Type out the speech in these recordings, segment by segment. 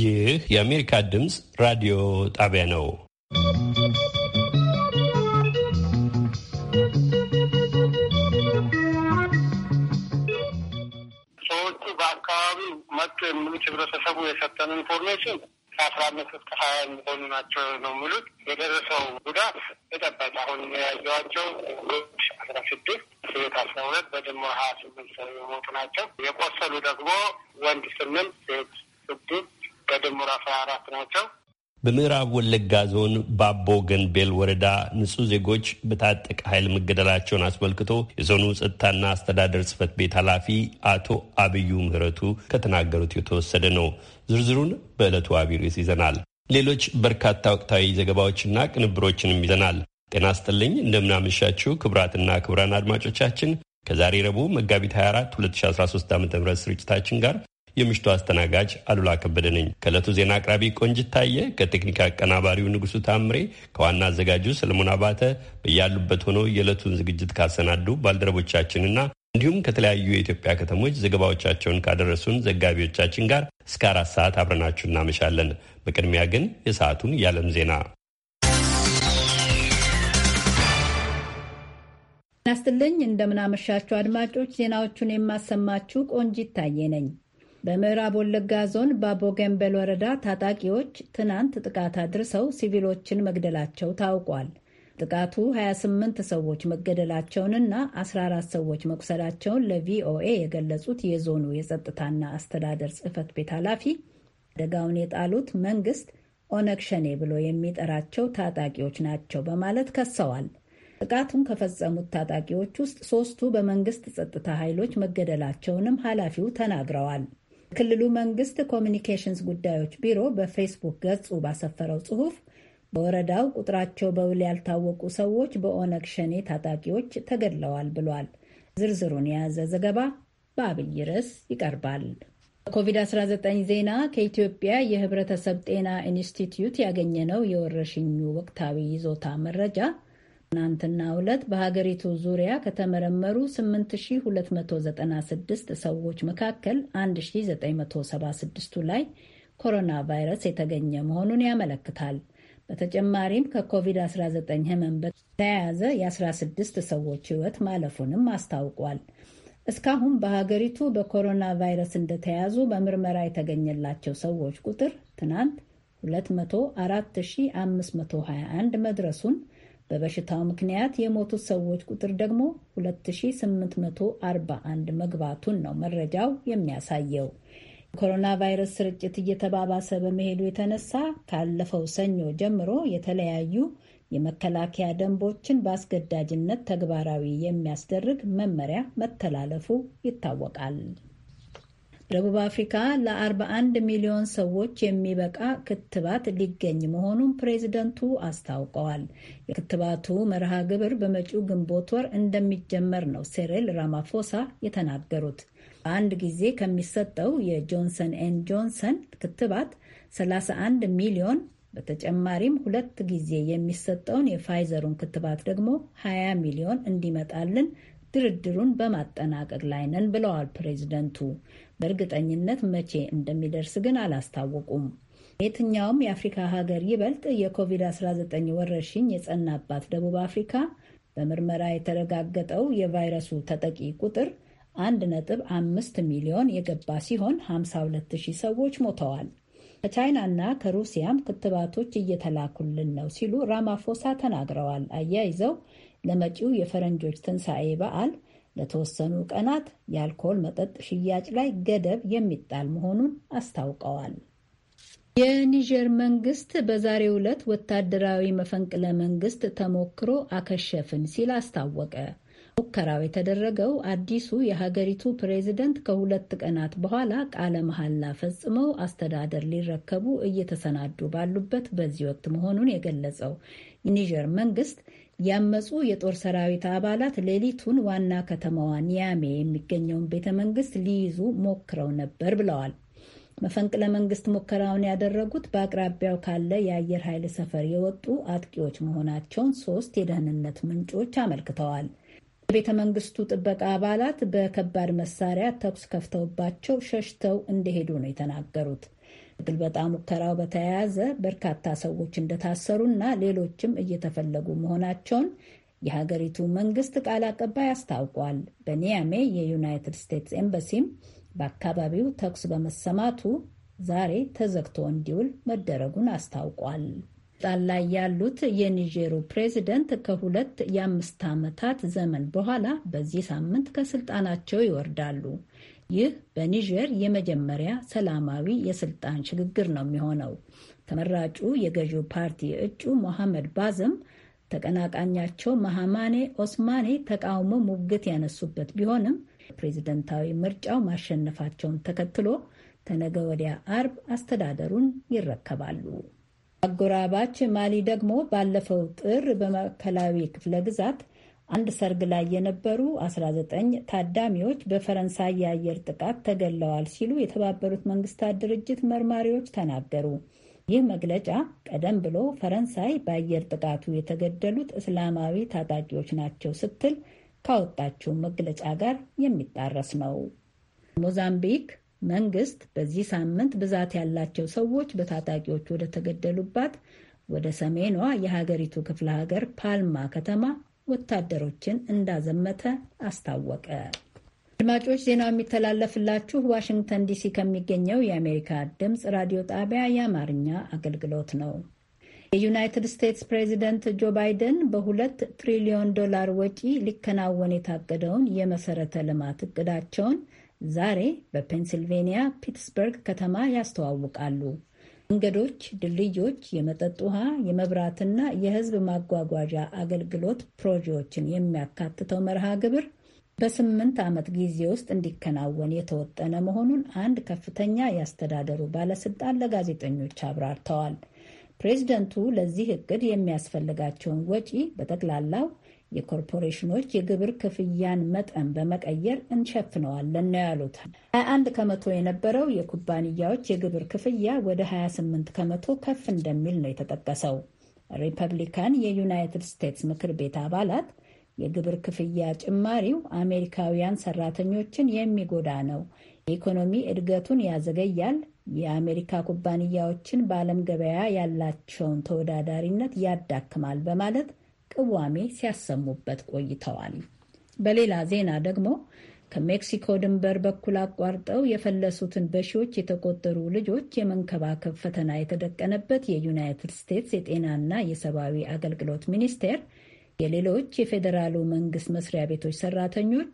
ይህ የአሜሪካ ድምፅ ራዲዮ ጣቢያ ነው። ሰዎቹ በአካባቢው መጡ የሚሉት ህብረተሰቡ የሰጠን ኢንፎርሜሽን ከአስራ አምስት እስከ ሀያ የሚሆኑ ናቸው ነው የሚሉት። የደረሰው ጉዳት ተጨባጭ አሁን የያዘዋቸው አስራ ስድስት ሴት አስራ ሁለት በድምር ሀያ ስምንት ሰው የሞቱ ናቸው። የቆሰሉ ደግሞ ወንድ ስምንት ሴት ስድስት በድምር አስራ አራት ናቸው። በምዕራብ ወለጋ ዞን ባቦ ገንቤል ወረዳ ንጹህ ዜጎች በታጠቀ ኃይል መገደላቸውን አስመልክቶ የዞኑ ጸጥታና አስተዳደር ጽህፈት ቤት ኃላፊ አቶ አብዩ ምህረቱ ከተናገሩት የተወሰደ ነው። ዝርዝሩን በዕለቱ አቢሬስ ይዘናል። ሌሎች በርካታ ወቅታዊ ዘገባዎችና ቅንብሮችንም ይዘናል። ጤና ስጥልኝ፣ እንደምናመሻችሁ ክቡራትና ክቡራን አድማጮቻችን ከዛሬ ረቡዕ መጋቢት 24 2013 ዓ ም ስርጭታችን ጋር የምሽቱ አስተናጋጅ አሉላ ከበደ ነኝ። ከእለቱ ዜና አቅራቢ ቆንጅት ታየ፣ ከቴክኒክ አቀናባሪው ንጉሱ ታምሬ፣ ከዋና አዘጋጁ ሰለሞን አባተ በያሉበት ሆኖ የዕለቱን ዝግጅት ካሰናዱ ባልደረቦቻችንና እንዲሁም ከተለያዩ የኢትዮጵያ ከተሞች ዘገባዎቻቸውን ካደረሱን ዘጋቢዎቻችን ጋር እስከ አራት ሰዓት አብረናችሁ እናመሻለን። በቅድሚያ ግን የሰዓቱን የዓለም ዜና ናስትልኝ እንደምናመሻችሁ አድማጮች፣ ዜናዎቹን የማሰማችሁ ቆንጂ ይታየ ነኝ። በምዕራብ ወለጋ ዞን ባቦ ገንበል ወረዳ ታጣቂዎች ትናንት ጥቃት አድርሰው ሲቪሎችን መግደላቸው ታውቋል። ጥቃቱ 28 ሰዎች መገደላቸውንና 14 ሰዎች መቁሰላቸውን ለቪኦኤ የገለጹት የዞኑ የጸጥታና አስተዳደር ጽህፈት ቤት ኃላፊ አደጋውን የጣሉት መንግስት ኦነግ ሸኔ ብሎ የሚጠራቸው ታጣቂዎች ናቸው በማለት ከሰዋል። ጥቃቱን ከፈጸሙት ታጣቂዎች ውስጥ ሶስቱ በመንግስት ጸጥታ ኃይሎች መገደላቸውንም ኃላፊው ተናግረዋል። የክልሉ መንግስት ኮሚኒኬሽንስ ጉዳዮች ቢሮ በፌስቡክ ገጹ ባሰፈረው ጽሑፍ በወረዳው ቁጥራቸው በውል ያልታወቁ ሰዎች በኦነግ ሸኔ ታጣቂዎች ተገድለዋል ብሏል። ዝርዝሩን የያዘ ዘገባ በአብይ ርዕስ ይቀርባል። ኮቪድ-19 ዜና ከኢትዮጵያ የህብረተሰብ ጤና ኢንስቲትዩት ያገኘነው የወረርሽኙ ወቅታዊ ይዞታ መረጃ ትናንትና ዕለት በሀገሪቱ ዙሪያ ከተመረመሩ 8296 ሰዎች መካከል 1976ቱ ላይ ኮሮና ቫይረስ የተገኘ መሆኑን ያመለክታል። በተጨማሪም ከኮቪድ-19 ህመም በተያያዘ የ16 ሰዎች ህይወት ማለፉንም አስታውቋል። እስካሁን በሀገሪቱ በኮሮና ቫይረስ እንደተያዙ በምርመራ የተገኘላቸው ሰዎች ቁጥር ትናንት 204521 መድረሱን በበሽታው ምክንያት የሞቱት ሰዎች ቁጥር ደግሞ 2841 መግባቱን ነው መረጃው የሚያሳየው። የኮሮና ቫይረስ ስርጭት እየተባባሰ በመሄዱ የተነሳ ካለፈው ሰኞ ጀምሮ የተለያዩ የመከላከያ ደንቦችን በአስገዳጅነት ተግባራዊ የሚያስደርግ መመሪያ መተላለፉ ይታወቃል። ደቡብ አፍሪካ ለ41 ሚሊዮን ሰዎች የሚበቃ ክትባት ሊገኝ መሆኑን ፕሬዚደንቱ አስታውቀዋል። የክትባቱ መርሃ ግብር በመጪው ግንቦት ወር እንደሚጀመር ነው ሴሬል ራማፎሳ የተናገሩት። በአንድ ጊዜ ከሚሰጠው የጆንሰን ኤን ጆንሰን ክትባት 31 ሚሊዮን በተጨማሪም ሁለት ጊዜ የሚሰጠውን የፋይዘሩን ክትባት ደግሞ 20 ሚሊዮን እንዲመጣልን ድርድሩን በማጠናቀቅ ላይ ነን ብለዋል ፕሬዚደንቱ። በእርግጠኝነት መቼ እንደሚደርስ ግን አላስታወቁም። የትኛውም የአፍሪካ ሀገር ይበልጥ የኮቪድ-19 ወረርሽኝ የጸናባት ደቡብ አፍሪካ በምርመራ የተረጋገጠው የቫይረሱ ተጠቂ ቁጥር 1.5 ሚሊዮን የገባ ሲሆን 52000 ሰዎች ሞተዋል። ከቻይናና ከሩሲያም ክትባቶች እየተላኩልን ነው ሲሉ ራማፎሳ ተናግረዋል። አያይዘው ለመጪው የፈረንጆች ትንሣኤ በዓል ለተወሰኑ ቀናት የአልኮል መጠጥ ሽያጭ ላይ ገደብ የሚጣል መሆኑን አስታውቀዋል። የኒጀር መንግስት በዛሬው ዕለት ወታደራዊ መፈንቅለ መንግስት ተሞክሮ አከሸፍን ሲል አስታወቀ። ሙከራው የተደረገው አዲሱ የሀገሪቱ ፕሬዚደንት ከሁለት ቀናት በኋላ ቃለ መሐላ ፈጽመው አስተዳደር ሊረከቡ እየተሰናዱ ባሉበት በዚህ ወቅት መሆኑን የገለጸው የኒጀር መንግስት ያመፁ የጦር ሰራዊት አባላት ሌሊቱን ዋና ከተማዋ ኒያሜ የሚገኘውን ቤተ መንግስት ሊይዙ ሞክረው ነበር ብለዋል። መፈንቅለ መንግስት ሙከራውን ያደረጉት በአቅራቢያው ካለ የአየር ኃይል ሰፈር የወጡ አጥቂዎች መሆናቸውን ሶስት የደህንነት ምንጮች አመልክተዋል። የቤተ መንግስቱ ጥበቃ አባላት በከባድ መሳሪያ ተኩስ ከፍተውባቸው ሸሽተው እንደሄዱ ነው የተናገሩት። ግልበጣ ሙከራው በተያያዘ በርካታ ሰዎች እንደታሰሩና ሌሎችም እየተፈለጉ መሆናቸውን የሀገሪቱ መንግስት ቃል አቀባይ አስታውቋል። በኒያሜ የዩናይትድ ስቴትስ ኤምባሲም በአካባቢው ተኩስ በመሰማቱ ዛሬ ተዘግቶ እንዲውል መደረጉን አስታውቋል። ስልጣን ላይ ያሉት የኒጀሩ ፕሬዚደንት ከሁለት የአምስት ዓመታት ዘመን በኋላ በዚህ ሳምንት ከስልጣናቸው ይወርዳሉ። ይህ በኒጀር የመጀመሪያ ሰላማዊ የስልጣን ሽግግር ነው የሚሆነው። ተመራጩ የገዢው ፓርቲ እጩ ሞሐመድ ባዘም ተቀናቃኛቸው መሐማኔ ኦስማኔ ተቃውሞ ሙግት ያነሱበት ቢሆንም ፕሬዝደንታዊ ምርጫው ማሸነፋቸውን ተከትሎ ተነገ ወዲያ አርብ አስተዳደሩን ይረከባሉ። አጎራባች ማሊ ደግሞ ባለፈው ጥር በማዕከላዊ ክፍለ ግዛት አንድ ሰርግ ላይ የነበሩ 19 ታዳሚዎች በፈረንሳይ የአየር ጥቃት ተገለዋል ሲሉ የተባበሩት መንግስታት ድርጅት መርማሪዎች ተናገሩ። ይህ መግለጫ ቀደም ብሎ ፈረንሳይ በአየር ጥቃቱ የተገደሉት እስላማዊ ታጣቂዎች ናቸው ስትል ካወጣችው መግለጫ ጋር የሚጣረስ ነው። ሞዛምቢክ መንግስት በዚህ ሳምንት ብዛት ያላቸው ሰዎች በታጣቂዎች ወደ ተገደሉባት ወደ ሰሜኗ የሀገሪቱ ክፍለ ሀገር ፓልማ ከተማ ወታደሮችን እንዳዘመተ አስታወቀ። አድማጮች ዜናው የሚተላለፍላችሁ ዋሽንግተን ዲሲ ከሚገኘው የአሜሪካ ድምፅ ራዲዮ ጣቢያ የአማርኛ አገልግሎት ነው። የዩናይትድ ስቴትስ ፕሬዚደንት ጆ ባይደን በሁለት ትሪሊዮን ዶላር ወጪ ሊከናወን የታቀደውን የመሰረተ ልማት እቅዳቸውን ዛሬ በፔንሲልቬኒያ ፒትስበርግ ከተማ ያስተዋውቃሉ። መንገዶች፣ ድልድዮች፣ የመጠጥ ውሃ፣ የመብራትና የሕዝብ ማጓጓዣ አገልግሎት ፕሮጂዎችን የሚያካትተው መርሃ ግብር በስምንት ዓመት ጊዜ ውስጥ እንዲከናወን የተወጠነ መሆኑን አንድ ከፍተኛ ያስተዳደሩ ባለስልጣን ለጋዜጠኞች አብራርተዋል። ፕሬዚደንቱ ለዚህ እቅድ የሚያስፈልጋቸውን ወጪ በጠቅላላው የኮርፖሬሽኖች የግብር ክፍያን መጠን በመቀየር እንሸፍነዋለን ነው ያሉት። 21 ከመቶ የነበረው የኩባንያዎች የግብር ክፍያ ወደ 28 ከመቶ ከፍ እንደሚል ነው የተጠቀሰው። ሪፐብሊካን የዩናይትድ ስቴትስ ምክር ቤት አባላት የግብር ክፍያ ጭማሪው አሜሪካውያን ሰራተኞችን የሚጎዳ ነው፣ የኢኮኖሚ እድገቱን ያዘገያል፣ የአሜሪካ ኩባንያዎችን በዓለም ገበያ ያላቸውን ተወዳዳሪነት ያዳክማል በማለት ቅዋሜ ሲያሰሙበት ቆይተዋል። በሌላ ዜና ደግሞ ከሜክሲኮ ድንበር በኩል አቋርጠው የፈለሱትን በሺዎች የተቆጠሩ ልጆች የመንከባከብ ፈተና የተደቀነበት የዩናይትድ ስቴትስ የጤናና የሰብአዊ አገልግሎት ሚኒስቴር የሌሎች የፌዴራሉ መንግስት መስሪያ ቤቶች ሰራተኞች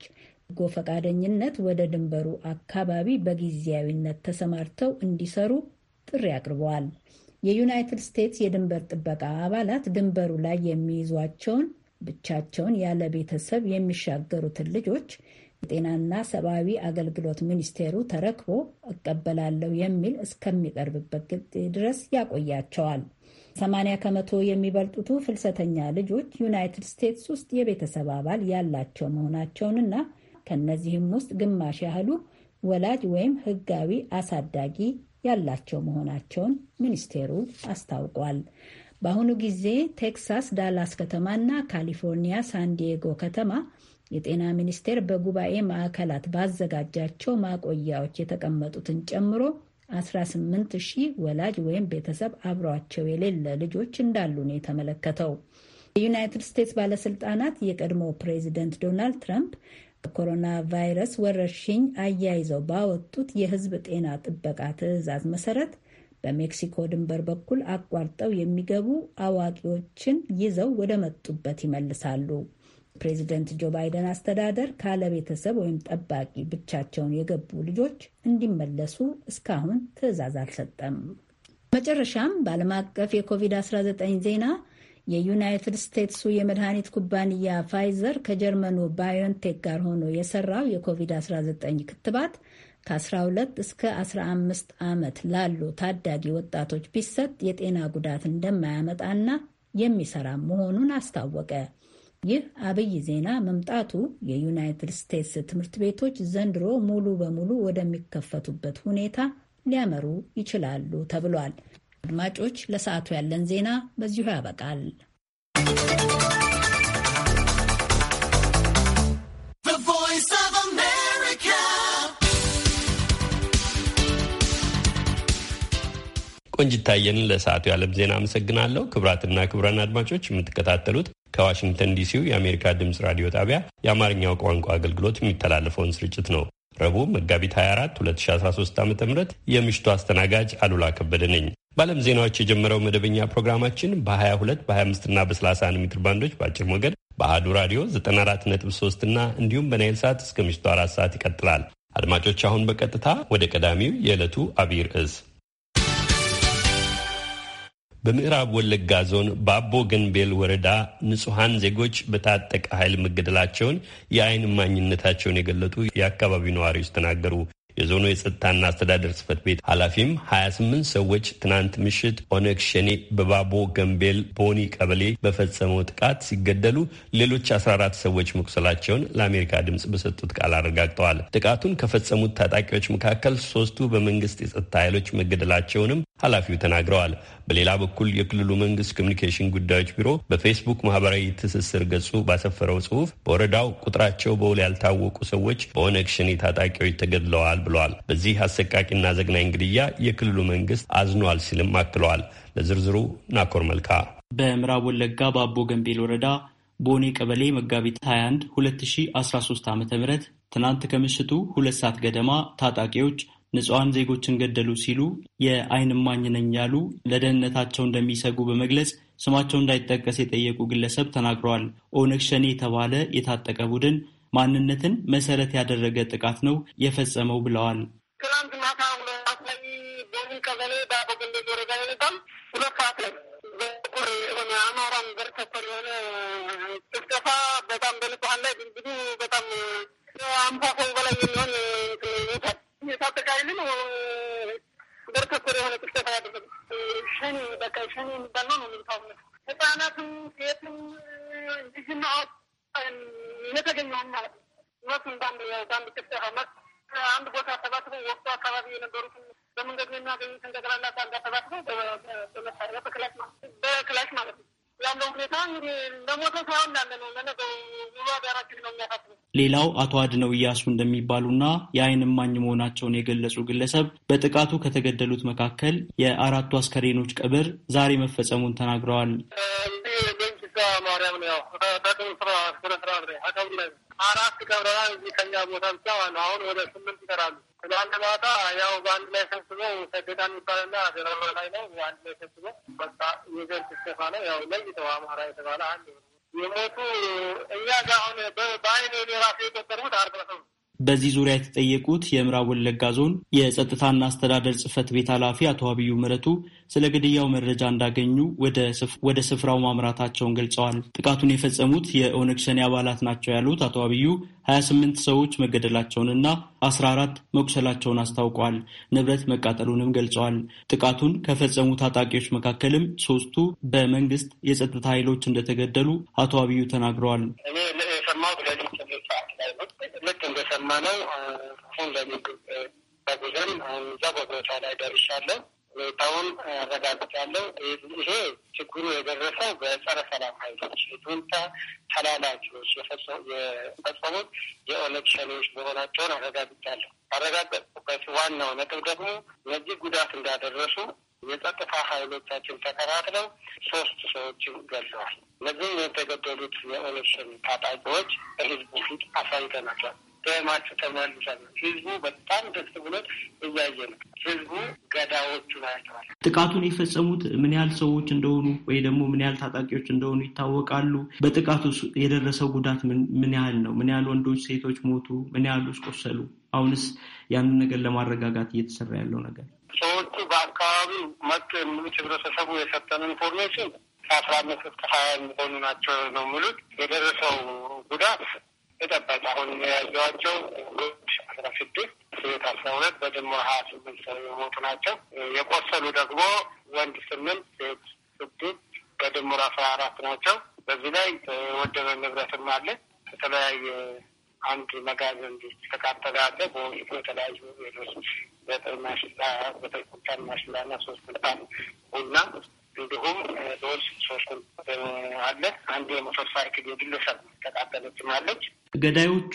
በጎ ፈቃደኝነት ወደ ድንበሩ አካባቢ በጊዜያዊነት ተሰማርተው እንዲሰሩ ጥሪ አቅርበዋል። የዩናይትድ ስቴትስ የድንበር ጥበቃ አባላት ድንበሩ ላይ የሚይዟቸውን ብቻቸውን ያለ ቤተሰብ የሚሻገሩትን ልጆች የጤናና ሰብአዊ አገልግሎት ሚኒስቴሩ ተረክቦ እቀበላለሁ የሚል እስከሚቀርብበት ጊዜ ድረስ ያቆያቸዋል። ሰማንያ ከመቶ የሚበልጡቱ ፍልሰተኛ ልጆች ዩናይትድ ስቴትስ ውስጥ የቤተሰብ አባል ያላቸው መሆናቸውንና ከእነዚህም ውስጥ ግማሽ ያህሉ ወላጅ ወይም ሕጋዊ አሳዳጊ ያላቸው መሆናቸውን ሚኒስቴሩ አስታውቋል። በአሁኑ ጊዜ ቴክሳስ ዳላስ ከተማና ካሊፎርኒያ ሳንዲየጎ ከተማ የጤና ሚኒስቴር በጉባኤ ማዕከላት ባዘጋጃቸው ማቆያዎች የተቀመጡትን ጨምሮ 18 ሺህ ወላጅ ወይም ቤተሰብ አብሯቸው የሌለ ልጆች እንዳሉ ነው የተመለከተው። የዩናይትድ ስቴትስ ባለስልጣናት የቀድሞ ፕሬዚደንት ዶናልድ ትራምፕ በኮሮና ቫይረስ ወረርሽኝ አያይዘው ባወጡት የሕዝብ ጤና ጥበቃ ትዕዛዝ መሰረት በሜክሲኮ ድንበር በኩል አቋርጠው የሚገቡ አዋቂዎችን ይዘው ወደ መጡበት ይመልሳሉ። ፕሬዚደንት ጆ ባይደን አስተዳደር ካለ ቤተሰብ ወይም ጠባቂ ብቻቸውን የገቡ ልጆች እንዲመለሱ እስካሁን ትዕዛዝ አልሰጠም። መጨረሻም በዓለም አቀፍ የኮቪድ-19 ዜና የዩናይትድ ስቴትሱ የመድኃኒት ኩባንያ ፋይዘር ከጀርመኑ ባዮንቴክ ጋር ሆኖ የሰራው የኮቪድ-19 ክትባት ከ12 እስከ 15 ዓመት ላሉ ታዳጊ ወጣቶች ቢሰጥ የጤና ጉዳት እንደማያመጣና የሚሰራ መሆኑን አስታወቀ። ይህ አብይ ዜና መምጣቱ የዩናይትድ ስቴትስ ትምህርት ቤቶች ዘንድሮ ሙሉ በሙሉ ወደሚከፈቱበት ሁኔታ ሊያመሩ ይችላሉ ተብሏል። አድማጮች፣ ለሰዓቱ ያለን ዜና በዚሁ ያበቃል። ቆንጅታየን ለሰዓቱ የዓለም ዜና አመሰግናለሁ። ክብራትና ክብረን አድማጮች የምትከታተሉት ከዋሽንግተን ዲሲው የአሜሪካ ድምፅ ራዲዮ ጣቢያ የአማርኛው ቋንቋ አገልግሎት የሚተላለፈውን ስርጭት ነው። ረቡዕ መጋቢት 24 2013 ዓ ም የምሽቱ አስተናጋጅ አሉላ ከበደ ነኝ። በዓለም ዜናዎች የጀመረው መደበኛ ፕሮግራማችን በ22 በ25ና በ31 ሜትር ባንዶች በአጭር ሞገድ በአህዱ ራዲዮ 94.3 እና እንዲሁም በናይል ሰዓት እስከ ምሽቱ አራት ሰዓት ይቀጥላል። አድማጮች አሁን በቀጥታ ወደ ቀዳሚው የዕለቱ አብይ ርዕስ በምዕራብ ወለጋ ዞን በአቦ ገንቤል ወረዳ ንጹሐን ዜጎች በታጠቀ ኃይል መገደላቸውን የአይን እማኝነታቸውን የገለጡ የአካባቢው ነዋሪዎች ተናገሩ። የዞኑ የጸጥታና አስተዳደር ጽህፈት ቤት ኃላፊም 28 ሰዎች ትናንት ምሽት ኦነግ ሸኔ በባቦ ገንቤል ቦኒ ቀበሌ በፈጸመው ጥቃት ሲገደሉ ሌሎች 14 ሰዎች መቁሰላቸውን ለአሜሪካ ድምፅ በሰጡት ቃል አረጋግጠዋል። ጥቃቱን ከፈጸሙት ታጣቂዎች መካከል ሶስቱ በመንግስት የጸጥታ ኃይሎች መገደላቸውንም ኃላፊው ተናግረዋል። በሌላ በኩል የክልሉ መንግስት ኮሚኒኬሽን ጉዳዮች ቢሮ በፌስቡክ ማህበራዊ ትስስር ገጹ ባሰፈረው ጽሁፍ በወረዳው ቁጥራቸው በውል ያልታወቁ ሰዎች በኦነግ ሸኔ ታጣቂዎች ተገድለዋል ብለዋል። በዚህ አሰቃቂና ዘግናኝ ግድያ የክልሉ መንግስት አዝኗል ሲልም አክለዋል። ለዝርዝሩ ናኮር መልካ። በምዕራብ ወለጋ በአቦ ገንቤል ወረዳ ቦኔ ቀበሌ መጋቢት 21 2013 ዓ ም ትናንት ከምሽቱ ሁለት ሰዓት ገደማ ታጣቂዎች ንጹሐን ዜጎችን ገደሉ ሲሉ የአይን እማኝ ነኝ ያሉ ለደህንነታቸው እንደሚሰጉ በመግለጽ ስማቸው እንዳይጠቀስ የጠየቁ ግለሰብ ተናግረዋል። ኦነግ ሸኔ የተባለ የታጠቀ ቡድን ማንነትን መሰረት ያደረገ ጥቃት ነው የፈጸመው ብለዋል። ትናንት ማታ ሁለት ላይ ቀበሌ ወረዳ ሁለት ሰዓት ላይ የሆነ አማራን ዘር ተኮር የሆነ ጭፍጨፋ በጣም በንጹሀን ላይ ብዙ በጣም በላይ የሚሆን የታጠቀ ኃይልን ዘር ተኮር የሆነ ጭፍጨፋ ያደረገ ሸኒ በቃ ሸኒ የሚባል ነው ነው ህጻናትም ሴትም ልጅናዎች የተገኘውን አንድ ቦታ ተባትበው ወቅቱ አካባቢ የነበሩትን በመንገድ የሚያገኙትን ጠቅላላ በአንድ በመሳሪያ በክላሽ ማለት ነው ሌላው አቶ አድነው እያሱ እንደሚባሉና የዓይን እማኝ መሆናቸውን የገለጹ ግለሰብ በጥቃቱ ከተገደሉት መካከል የአራቱ አስከሬኖች ቀብር ዛሬ መፈጸሙን ተናግረዋል። ነው። ያው በጥሩ ስራ ስነ ስርዓት ላይ ላይ አራት ቀብረናል። እዚህ ከኛ ቦታ ብቻ ዋና አሁን ወደ ስምንት ይቀራሉ። ትናንት ማታ ያው በአንድ ላይ ሰብስበው ሰገዳን ይባልና ገረመ ላይ ነው አንድ ላይ ሰብስበው በቃ የዘር ስብሰባ ነው። ያው ለይተው አማራ የተባለ አንድ የሞቱ እኛ ጋር አሁን በአይኔ ራሴ የቆጠርኩት አርባ ሰው በዚህ ዙሪያ የተጠየቁት የምዕራብ ወለጋ ዞን የጸጥታና አስተዳደር ጽህፈት ቤት ኃላፊ አቶ አብዩ ምረቱ ስለ ግድያው መረጃ እንዳገኙ ወደ ስፍራው ማምራታቸውን ገልጸዋል። ጥቃቱን የፈጸሙት የኦነግ ሸኔ አባላት ናቸው ያሉት አቶ አብዩ 28 ሰዎች መገደላቸውንና 14 መቁሰላቸውን አስታውቀዋል። ንብረት መቃጠሉንም ገልጸዋል። ጥቃቱን ከፈጸሙ ታጣቂዎች መካከልም ሶስቱ በመንግስት የጸጥታ ኃይሎች እንደተገደሉ አቶ አብዩ ተናግረዋል። ልክ እንደሰማ ነው አሁን ለምግብ ተጉዘን አሁን እዛ በቦታ ላይ ደርሻለን። ሁኔታውን አረጋግጫለሁ። ይሄ ችግሩ የደረሰው በጸረ ሰላም ኃይሎች የጁንታ ተላላኪዎች የፈጸሙት የኦነግ ሸኔዎች መሆናቸውን አረጋግጫለሁ። አረጋገጥኩበት ዋናው ነጥብ ደግሞ እነዚህ ጉዳት እንዳደረሱ የጸጥታ ኃይሎቻችን ተከታትለው ሶስት ሰዎችን ገለዋል እነዚህም የተገደሉት የኦነግ ሸኔ ታጣቂዎች በህዝቡ ፊት አሳይተናቸዋል። በማቸው ተመልሷል። ህዝቡ በጣም ደስ ብሎት እያየ ነው። ህዝቡ ገዳዎቹን አይተዋል። ጥቃቱን የፈጸሙት ምን ያህል ሰዎች እንደሆኑ ወይ ደግሞ ምን ያህል ታጣቂዎች እንደሆኑ ይታወቃሉ? በጥቃቱ የደረሰው ጉዳት ምን ያህል ነው? ምን ያህል ወንዶች፣ ሴቶች ሞቱ? ምን ያህሉስ ቆሰሉ? አሁንስ ያንን ነገር ለማረጋጋት እየተሰራ ያለው ነገር ሰዎቹ በአካባቢው መጡ የሚሉት ህብረተሰቡ የሰጠን ኢንፎርሜሽን ከአስራ አምስት እስከ ሀያ የሚሆኑ ናቸው ነው የሚሉት የደረሰው ጉዳት ተጠበቀ። አሁን የያዘዋቸው አስራ ስድስት ሴት አስራ ሁለት በድምሩ ሀያ ስምንት ሰው የሞቱ ናቸው። የቆሰሉ ደግሞ ወንድ ስምንት ሴት ስድስት በድምሩ አስራ አራት ናቸው። በዚህ ላይ ወደበ ንብረትም አለ። ከተለያየ አንድ መጋዘን ተቃጠለ አለ። በውስጡ የተለያዩ ሌሎች ዘጠኝ ማሽላ፣ ዘጠኝ ኩንታል ማሽላ ሶስት ኩንታል ቡና እንዲሁም ሎጅ ሶስት አለ። አንድ የሞተር ሳይክል የግለሰብ ተቃጠለችም አለች። ገዳዮቹ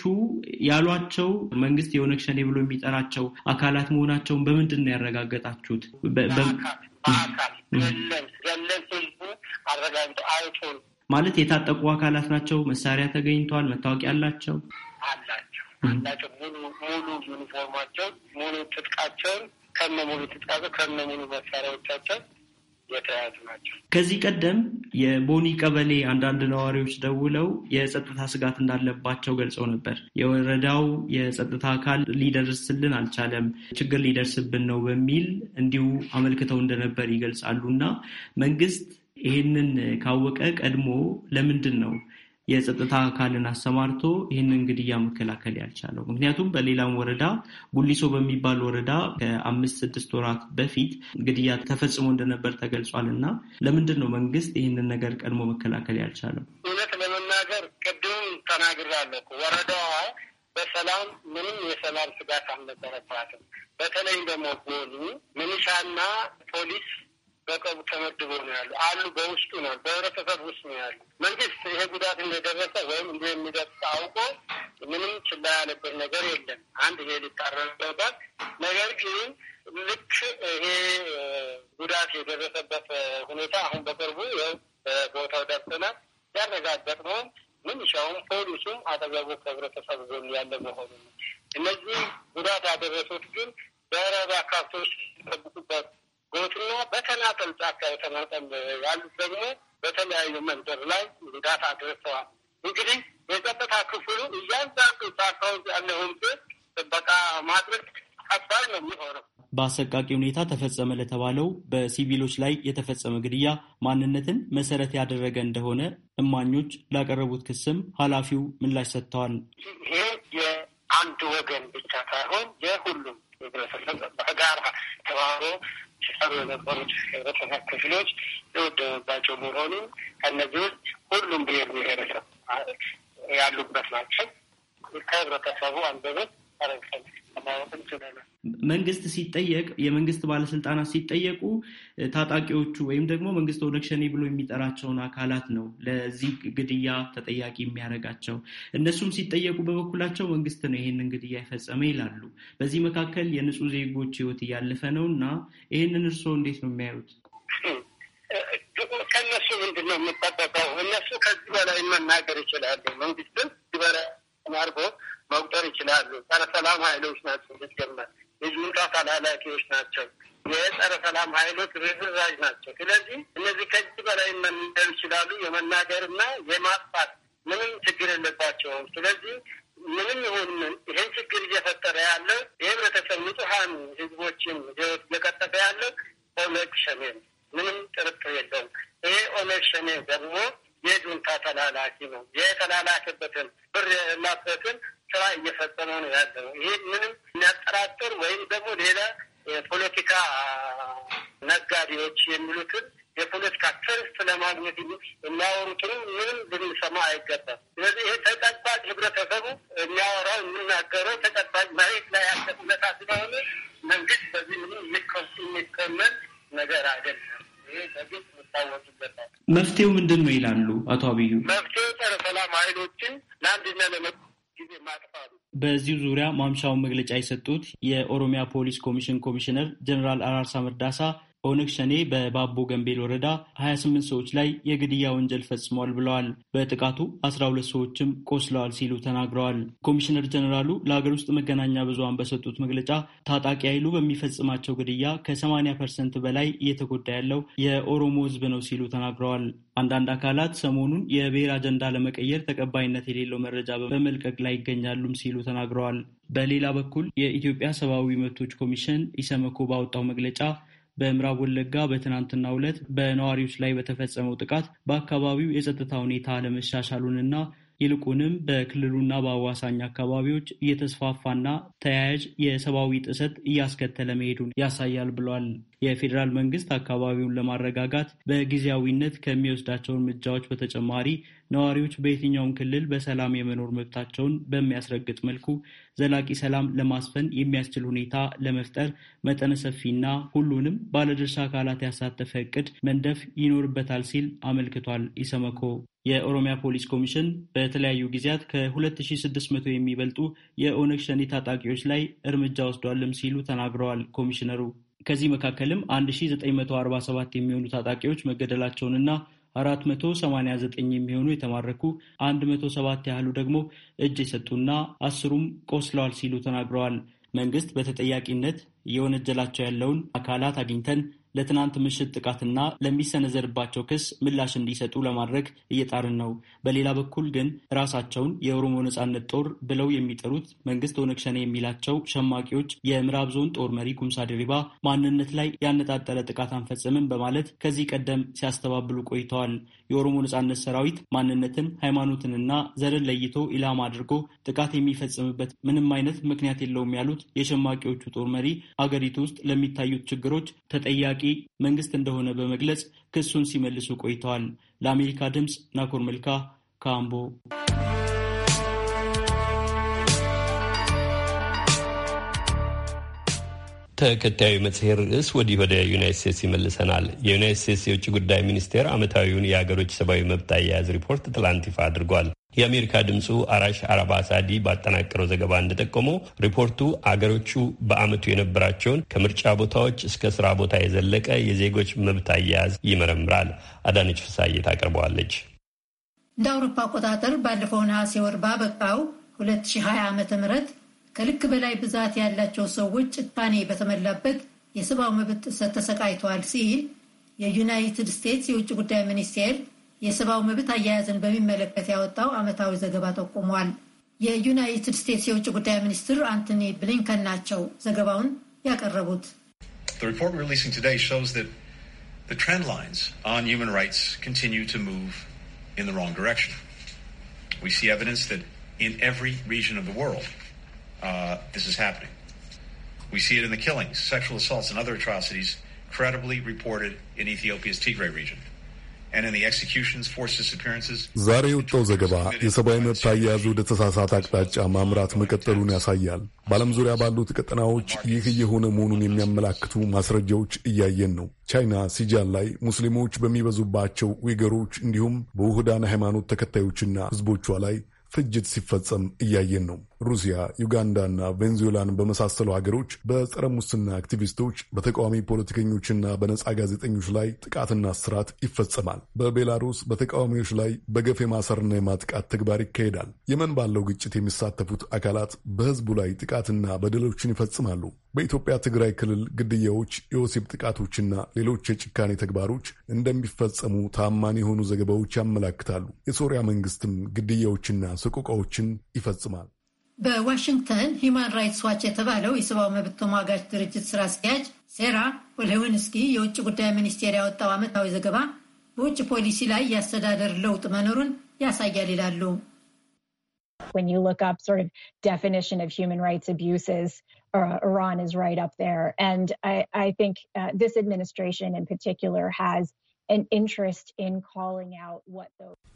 ያሏቸው መንግስት የኦነግ ሸኔ ብሎ የሚጠራቸው አካላት መሆናቸውን በምንድን ነው ያረጋገጣችሁት? ማለት የታጠቁ አካላት ናቸው። መሳሪያ ተገኝተዋል። መታወቂያ አላቸው አላቸው አላቸው ሙሉ ሙሉ ዩኒፎርማቸውን ሙሉ ትጥቃቸውን ከነ ሙሉ ትጥቃቸው ከነ ሙሉ መሳሪያዎቻቸው የተያዙ ናቸው። ከዚህ ቀደም የቦኒ ቀበሌ አንዳንድ ነዋሪዎች ደውለው የጸጥታ ስጋት እንዳለባቸው ገልጸው ነበር። የወረዳው የጸጥታ አካል ሊደርስልን አልቻለም፣ ችግር ሊደርስብን ነው በሚል እንዲሁ አመልክተው እንደነበር ይገልጻሉ እና መንግስት ይህንን ካወቀ ቀድሞ ለምንድን ነው የጸጥታ አካልን አሰማርቶ ይህንን ግድያ መከላከል ያልቻለው። ምክንያቱም በሌላም ወረዳ ጉሊሶ በሚባል ወረዳ ከአምስት ስድስት ወራት በፊት ግድያ ተፈጽሞ እንደነበር ተገልጿል። እና ለምንድን ነው መንግስት ይህንን ነገር ቀድሞ መከላከል ያልቻለው? እውነት ለመናገር ቅድም ተናግራለሁ። ወረዳዋ በሰላም ምንም የሰላም ስጋት አልነበረባትም። በተለይም ደግሞ ጎኑ ምንሻና ፖሊስ በቀብ ተመድቦ ነው ያሉ አሉ። በውስጡ ነው በህብረተሰብ ውስጥ ነው ያሉ። መንግስት ይሄ ጉዳት እንደደረሰ ወይም እንዲ የሚደርስ አውቆ ምንም ችላ ያለበት ነገር የለም። አንድ ይሄ ሊታረም ነገር ግን ልክ ይሄ ጉዳት የደረሰበት ሁኔታ አሁን በቅርቡ በቦታው ደርሰናል ያረጋገጥ ነው ምንሻውም ፖሊሱም አጠገቡ ከህብረተሰብ ዞን ያለ መሆኑ እነዚህ ጉዳት ያደረሱት ግን በረባ ካፍቶች ጠብቁበት ጎትና በተናጠል ጫካ የተናጠል ያሉት ደግሞ በተለያዩ መንደር ላይ ጉዳት አድርሰዋል። እንግዲህ የጸጥታ ክፍሉ እያንዳንዱ ጫካ ያለውን ጥበቃ ማድረግ ከባድ ነው የሚሆነው። በአሰቃቂ ሁኔታ ተፈጸመ ለተባለው በሲቪሎች ላይ የተፈጸመ ግድያ ማንነትን መሰረት ያደረገ እንደሆነ እማኞች ላቀረቡት ክስም ኃላፊው ምላሽ ሰጥተዋል። ይህ የአንድ ወገን ብቻ ሳይሆን የሁሉም ህብረተሰብ በጋራ ተባብሮ ሲሰሩ የነበሩት ህብረተሰብ ክፍሎች የወደመባቸው መሆኑን ከነዚህ ሁሉም ብሔር ብሔረሰብ ያሉበት ናቸው። ከህብረተሰቡ አንደበት መንግስት ሲጠየቅ የመንግስት ባለስልጣናት ሲጠየቁ ታጣቂዎቹ ወይም ደግሞ መንግስት ኦነግ ሸኔ ብሎ የሚጠራቸውን አካላት ነው ለዚህ ግድያ ተጠያቂ የሚያደርጋቸው። እነሱም ሲጠየቁ በበኩላቸው መንግስት ነው ይህንን ግድያ የፈጸመ ይላሉ። በዚህ መካከል የንጹህ ዜጎች ህይወት እያለፈ ነው እና ይህንን እርስዎ እንዴት ነው የሚያዩት? ከእነሱ ምንድን ነው እነሱ ከዚህ በላይ መናገር ይችላሉ። መንግስትም በላይ አድርጎ መቁጠር ይችላሉ። ጸረ ሰላም ኃይሎች ናቸው። ልትገርማል የጁንታ ተላላኪዎች ናቸው። የጸረ ሰላም ኃይሎች ርዝራዥ ናቸው። ስለዚህ እነዚህ ከዚህ በላይ መናገር ይችላሉ። የመናገር የመናገርና የማጥፋት ምንም ችግር የለባቸውም። ስለዚህ ምንም ይሁን ምን ይህን ችግር እየፈጠረ ያለው የህብረተሰብ ንጹሀን ህዝቦችን ህይወት እየቀጠፈ ያለው ኦነግ ሸኔ ምንም ጥርጥር የለውም። ይሄ ኦነግ ሸኔ ደግሞ የጁንታ ተላላኪ ነው። የተላላከበትን ብር የላበትን ስራ እየፈጸመ ነው ያለው። ይህ ምንም የሚያጠራጥር ወይም ደግሞ ሌላ የፖለቲካ ነጋዴዎች የሚሉትን የፖለቲካ ትርፍ ለማግኘት የሚያወሩትን ምንም ልንሰማ አይገባም። ስለዚህ ይሄ ተጨባጭ ህብረተሰቡ የሚያወራው የሚናገረው ተጨባጭ መሬት ላይ ያለ እውነታ ስለሆነ መንግስት በዚህ ምንም የሚኮመን ነገር አይደለም። መፍትሄው ምንድን ነው ይላሉ አቶ አብዩ? መፍትሄው ጸረ ሰላም ኃይሎችን ለአንድና ለመ ጊዜ ማጥፋቱ። በዚሁ ዙሪያ ማምሻውን መግለጫ የሰጡት የኦሮሚያ ፖሊስ ኮሚሽን ኮሚሽነር ጀኔራል አራርሳ መርዳሳ ኦነግ ሸኔ በባቦ ገንቤል ወረዳ 28 ሰዎች ላይ የግድያ ወንጀል ፈጽሟል ብለዋል። በጥቃቱ 12 ሰዎችም ቆስለዋል ሲሉ ተናግረዋል። ኮሚሽነር ጀኔራሉ ለሀገር ውስጥ መገናኛ ብዙሃን በሰጡት መግለጫ ታጣቂ ኃይሉ በሚፈጽማቸው ግድያ ከ80 ፐርሰንት በላይ እየተጎዳ ያለው የኦሮሞ ሕዝብ ነው ሲሉ ተናግረዋል። አንዳንድ አካላት ሰሞኑን የብሔር አጀንዳ ለመቀየር ተቀባይነት የሌለው መረጃ በመልቀቅ ላይ ይገኛሉም ሲሉ ተናግረዋል። በሌላ በኩል የኢትዮጵያ ሰብአዊ መብቶች ኮሚሽን ኢሰመኮ ባወጣው መግለጫ በምዕራብ ወለጋ በትናንትናው ዕለት በነዋሪዎች ላይ በተፈጸመው ጥቃት በአካባቢው የጸጥታ ሁኔታ አለመሻሻሉንና ይልቁንም በክልሉና በአዋሳኝ አካባቢዎች እየተስፋፋና ተያያዥ የሰብአዊ ጥሰት እያስከተለ መሄዱን ያሳያል ብሏል። የፌዴራል መንግስት አካባቢውን ለማረጋጋት በጊዜያዊነት ከሚወስዳቸው እርምጃዎች በተጨማሪ ነዋሪዎች በየትኛውም ክልል በሰላም የመኖር መብታቸውን በሚያስረግጥ መልኩ ዘላቂ ሰላም ለማስፈን የሚያስችል ሁኔታ ለመፍጠር መጠነ ሰፊና ሁሉንም ባለድርሻ አካላት ያሳተፈ እቅድ መንደፍ ይኖርበታል ሲል አመልክቷል። ኢሰመኮ የኦሮሚያ ፖሊስ ኮሚሽን በተለያዩ ጊዜያት ከ2600 የሚበልጡ የኦነግ ሸኔ ታጣቂዎች ላይ እርምጃ ወስዷልም ሲሉ ተናግረዋል ኮሚሽነሩ ከዚህ መካከልም 1947 የሚሆኑ ታጣቂዎች መገደላቸውንና 489 የሚሆኑ የተማረኩ 107 ያህሉ ደግሞ እጅ የሰጡና አስሩም ቆስለዋል ሲሉ ተናግረዋል። መንግስት በተጠያቂነት እየወነጀላቸው ያለውን አካላት አግኝተን ለትናንት ምሽት ጥቃትና ለሚሰነዘርባቸው ክስ ምላሽ እንዲሰጡ ለማድረግ እየጣርን ነው። በሌላ በኩል ግን ራሳቸውን የኦሮሞ ነጻነት ጦር ብለው የሚጠሩት መንግስት ኦነግ ሸኔ የሚላቸው ሸማቂዎች የምዕራብ ዞን ጦር መሪ ጉምሳ ድሪባ ማንነት ላይ ያነጣጠረ ጥቃት አንፈጽምም በማለት ከዚህ ቀደም ሲያስተባብሉ ቆይተዋል። የኦሮሞ ነጻነት ሰራዊት ማንነትን፣ ሃይማኖትንና ዘርን ለይቶ ኢላማ አድርጎ ጥቃት የሚፈጽምበት ምንም አይነት ምክንያት የለውም ያሉት የሸማቂዎቹ ጦር መሪ አገሪቱ ውስጥ ለሚታዩት ችግሮች ተጠያቂ ተጠያቂ መንግስት እንደሆነ በመግለጽ ክሱን ሲመልሱ ቆይተዋል። ለአሜሪካ ድምፅ ናኮር መልካ ካምቦ ተከታዩ መጽሔት ርዕስ ወዲህ ወደ ዩናይት ስቴትስ ይመልሰናል። የዩናይት ስቴትስ የውጭ ጉዳይ ሚኒስቴር ዓመታዊውን የሀገሮች ሰብአዊ መብት አያያዝ ሪፖርት ትላንት ይፋ አድርጓል። የአሜሪካ ድምፁ አራሽ አረባ ሳዲ ባጠናቀረው ዘገባ እንደጠቆመው ሪፖርቱ አገሮቹ በዓመቱ የነበራቸውን ከምርጫ ቦታዎች እስከ ስራ ቦታ የዘለቀ የዜጎች መብት አያያዝ ይመረምራል። አዳነች ፍሳዬ ታቀርበዋለች። እንደ አውሮፓ አቆጣጠር ባለፈው ነሐሴ ወር ባበቃው 2020 ዓ ም ከልክ በላይ ብዛት ያላቸው ሰዎች ጭካኔ በተሞላበት የሰብአዊ መብት ጥሰት ተሰቃይተዋል ሲል የዩናይትድ ስቴትስ የውጭ ጉዳይ ሚኒስቴር The report we're releasing today shows that The trend lines on human rights continue to move in the wrong direction. We see evidence that in every region of the world, uh, this is happening. We see it in the killings, sexual assaults, and other atrocities credibly reported in Ethiopia's Tigray region. ዛሬ የወጣው ዘገባ የሰብአዊ መብት አያያዙ ወደ ተሳሳተ አቅጣጫ ማምራት መቀጠሉን ያሳያል። በዓለም ዙሪያ ባሉት ቀጠናዎች ይህ እየሆነ መሆኑን የሚያመላክቱ ማስረጃዎች እያየን ነው። ቻይና ሲጃን ላይ ሙስሊሞች በሚበዙባቸው ዊገሮች እንዲሁም በውህዳን ሃይማኖት ተከታዮችና ሕዝቦቿ ላይ ፍጅት ሲፈጸም እያየን ነው። ሩሲያ፣ ዩጋንዳና ቬንዙዌላን በመሳሰሉ ሀገሮች በጸረ ሙስና አክቲቪስቶች፣ በተቃዋሚ ፖለቲከኞችና በነጻ ጋዜጠኞች ላይ ጥቃትና ስርዓት ይፈጸማል። በቤላሩስ በተቃዋሚዎች ላይ በገፍ የማሰርና የማጥቃት ተግባር ይካሄዳል። የመን ባለው ግጭት የሚሳተፉት አካላት በህዝቡ ላይ ጥቃትና በደሎችን ይፈጽማሉ። በኢትዮጵያ ትግራይ ክልል ግድያዎች፣ የወሲብ ጥቃቶችና ሌሎች የጭካኔ ተግባሮች እንደሚፈጸሙ ታማኝ የሆኑ ዘገባዎች ያመላክታሉ። የሶሪያ መንግስትም ግድያዎችና ሰቆቃዎችን ይፈጽማል። በዋሽንግተን ሂማን ራይትስ ዋች የተባለው የሰብአዊ መብት ተሟጋች ድርጅት ስራ አስኪያጅ ሴራ ወለውንስኪ የውጭ ጉዳይ ሚኒስቴር ያወጣው ዓመታዊ ዘገባ በውጭ ፖሊሲ ላይ የአስተዳደር ለውጥ መኖሩን ያሳያል ይላሉ። When you look up sort of definition of human rights abuses, uh, Iran is right up there. And I, think uh, this administration in particular has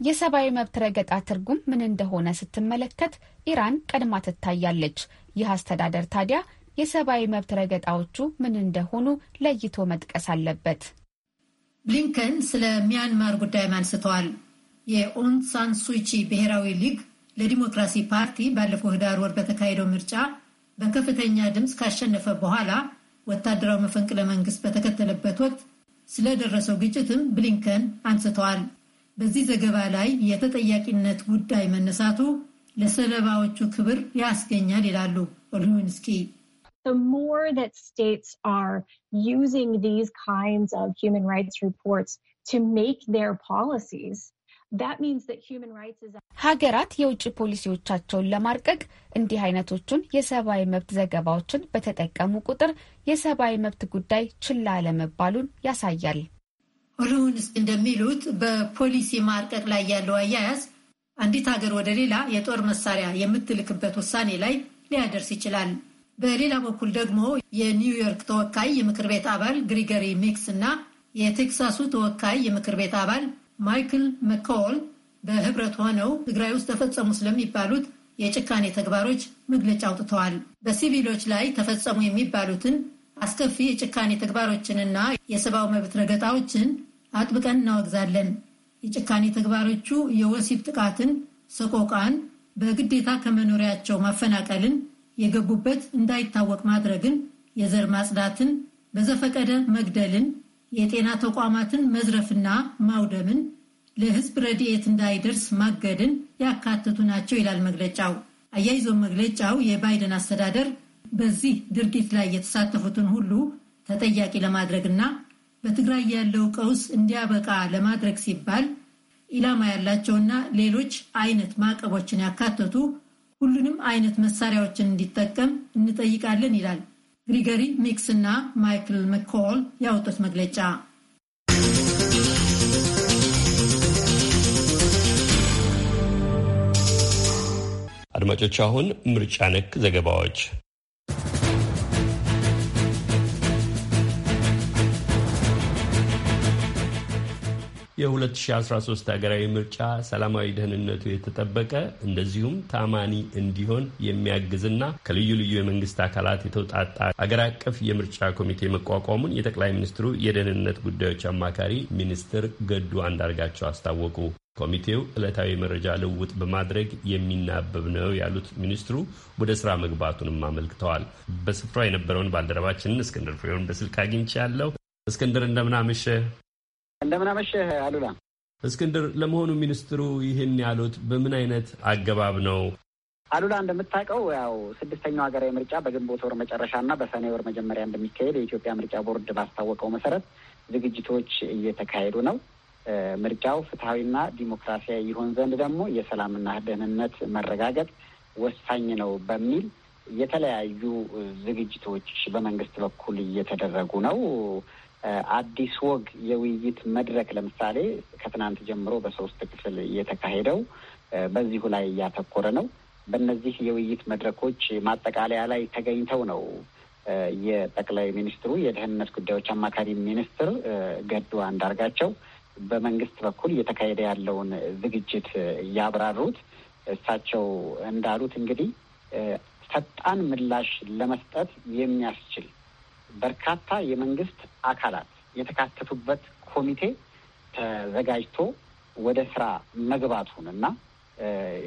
የሰብአዊ መብት ረገጣ ትርጉም ምን እንደሆነ ስትመለከት ኢራን ቀድማ ትታያለች። ይህ አስተዳደር ታዲያ የሰብአዊ መብት ረገጣዎቹ ምን እንደሆኑ ለይቶ መጥቀስ አለበት። ብሊንከን ስለ ሚያንማር ጉዳይም አንስተዋል። የኦንግ ሳን ሱቺ ብሔራዊ ሊግ ለዲሞክራሲ ፓርቲ ባለፈው ህዳር ወር በተካሄደው ምርጫ በከፍተኛ ድምፅ ካሸነፈ በኋላ ወታደራዊ መፈንቅለ መንግስት በተከተለበት ወቅት ስለደረሰው ግጭትም ብሊንከን አንስተዋል። በዚህ ዘገባ ላይ የተጠያቂነት ጉዳይ መነሳቱ ለሰለባዎቹ ክብር ያስገኛል ይላሉ ኦልሁንስኪ። the more that states are using these kinds of human rights reports to make their policies ሀገራት የውጭ ፖሊሲዎቻቸውን ለማርቀቅ እንዲህ አይነቶቹን የሰብአዊ መብት ዘገባዎችን በተጠቀሙ ቁጥር የሰብአዊ መብት ጉዳይ ችላ አለመባሉን ያሳያል። ሩንስ እንደሚሉት በፖሊሲ ማርቀቅ ላይ ያለው አያያዝ አንዲት ሀገር ወደ ሌላ የጦር መሳሪያ የምትልክበት ውሳኔ ላይ ሊያደርስ ይችላል። በሌላ በኩል ደግሞ የኒውዮርክ ተወካይ የምክር ቤት አባል ግሪገሪ ሚክስ እና የቴክሳሱ ተወካይ የምክር ቤት አባል ማይክል መኮል በህብረት ሆነው ትግራይ ውስጥ ተፈጸሙ ስለሚባሉት የጭካኔ ተግባሮች መግለጫ አውጥተዋል። በሲቪሎች ላይ ተፈጸሙ የሚባሉትን አስከፊ የጭካኔ ተግባሮችንና የሰብአዊ መብት ረገጣዎችን አጥብቀን እናወግዛለን። የጭካኔ ተግባሮቹ የወሲብ ጥቃትን፣ ሰቆቃን፣ በግዴታ ከመኖሪያቸው ማፈናቀልን፣ የገቡበት እንዳይታወቅ ማድረግን፣ የዘር ማጽዳትን፣ በዘፈቀደ መግደልን የጤና ተቋማትን መዝረፍና ማውደምን፣ ለህዝብ ረድኤት እንዳይደርስ ማገድን ያካተቱ ናቸው ይላል መግለጫው። አያይዞ መግለጫው የባይደን አስተዳደር በዚህ ድርጊት ላይ የተሳተፉትን ሁሉ ተጠያቂ ለማድረግና በትግራይ ያለው ቀውስ እንዲያበቃ ለማድረግ ሲባል ኢላማ ያላቸውና ሌሎች አይነት ማዕቀቦችን ያካተቱ ሁሉንም አይነት መሳሪያዎችን እንዲጠቀም እንጠይቃለን ይላል። ግሪገሪ ሚክስ እና ማይክል መኮል ያወጡት መግለጫ አድማጮች አሁን ምርጫ ነክ ዘገባዎች የ2013 ሀገራዊ ምርጫ ሰላማዊ ደህንነቱ የተጠበቀ እንደዚሁም ታማኒ እንዲሆን የሚያግዝና ከልዩ ልዩ የመንግስት አካላት የተውጣጣ አገር አቀፍ የምርጫ ኮሚቴ መቋቋሙን የጠቅላይ ሚኒስትሩ የደህንነት ጉዳዮች አማካሪ ሚኒስትር ገዱ አንዳርጋቸው አስታወቁ። ኮሚቴው ዕለታዊ መረጃ ልውውጥ በማድረግ የሚናበብ ነው ያሉት ሚኒስትሩ ወደ ስራ መግባቱንም አመልክተዋል። በስፍራው የነበረውን ባልደረባችንን እስክንድር ፍሬውን በስልክ አግኝቻለሁ። እስክንድር እንደምናመሸ እንደምን አመሸህ አሉላ። እስክንድር፣ ለመሆኑ ሚኒስትሩ ይህን ያሉት በምን አይነት አገባብ ነው? አሉላ እንደምታውቀው ያው ስድስተኛው ሀገራዊ ምርጫ በግንቦት ወር መጨረሻና በሰኔ ወር መጀመሪያ እንደሚካሄድ የኢትዮጵያ ምርጫ ቦርድ ባስታወቀው መሰረት ዝግጅቶች እየተካሄዱ ነው። ምርጫው ፍትሐዊና ዲሞክራሲያዊ ይሆን ዘንድ ደግሞ የሰላምና ደህንነት መረጋገጥ ወሳኝ ነው በሚል የተለያዩ ዝግጅቶች በመንግስት በኩል እየተደረጉ ነው። አዲስ ወግ የውይይት መድረክ ለምሳሌ ከትናንት ጀምሮ በሶስት ክፍል እየተካሄደው በዚሁ ላይ እያተኮረ ነው። በእነዚህ የውይይት መድረኮች ማጠቃለያ ላይ ተገኝተው ነው የጠቅላይ ሚኒስትሩ የደህንነት ጉዳዮች አማካሪ ሚኒስትር ገዱ አንዳርጋቸው በመንግስት በኩል እየተካሄደ ያለውን ዝግጅት ያብራሩት። እሳቸው እንዳሉት እንግዲህ ፈጣን ምላሽ ለመስጠት የሚያስችል በርካታ የመንግስት አካላት የተካተቱበት ኮሚቴ ተዘጋጅቶ ወደ ስራ መግባቱን እና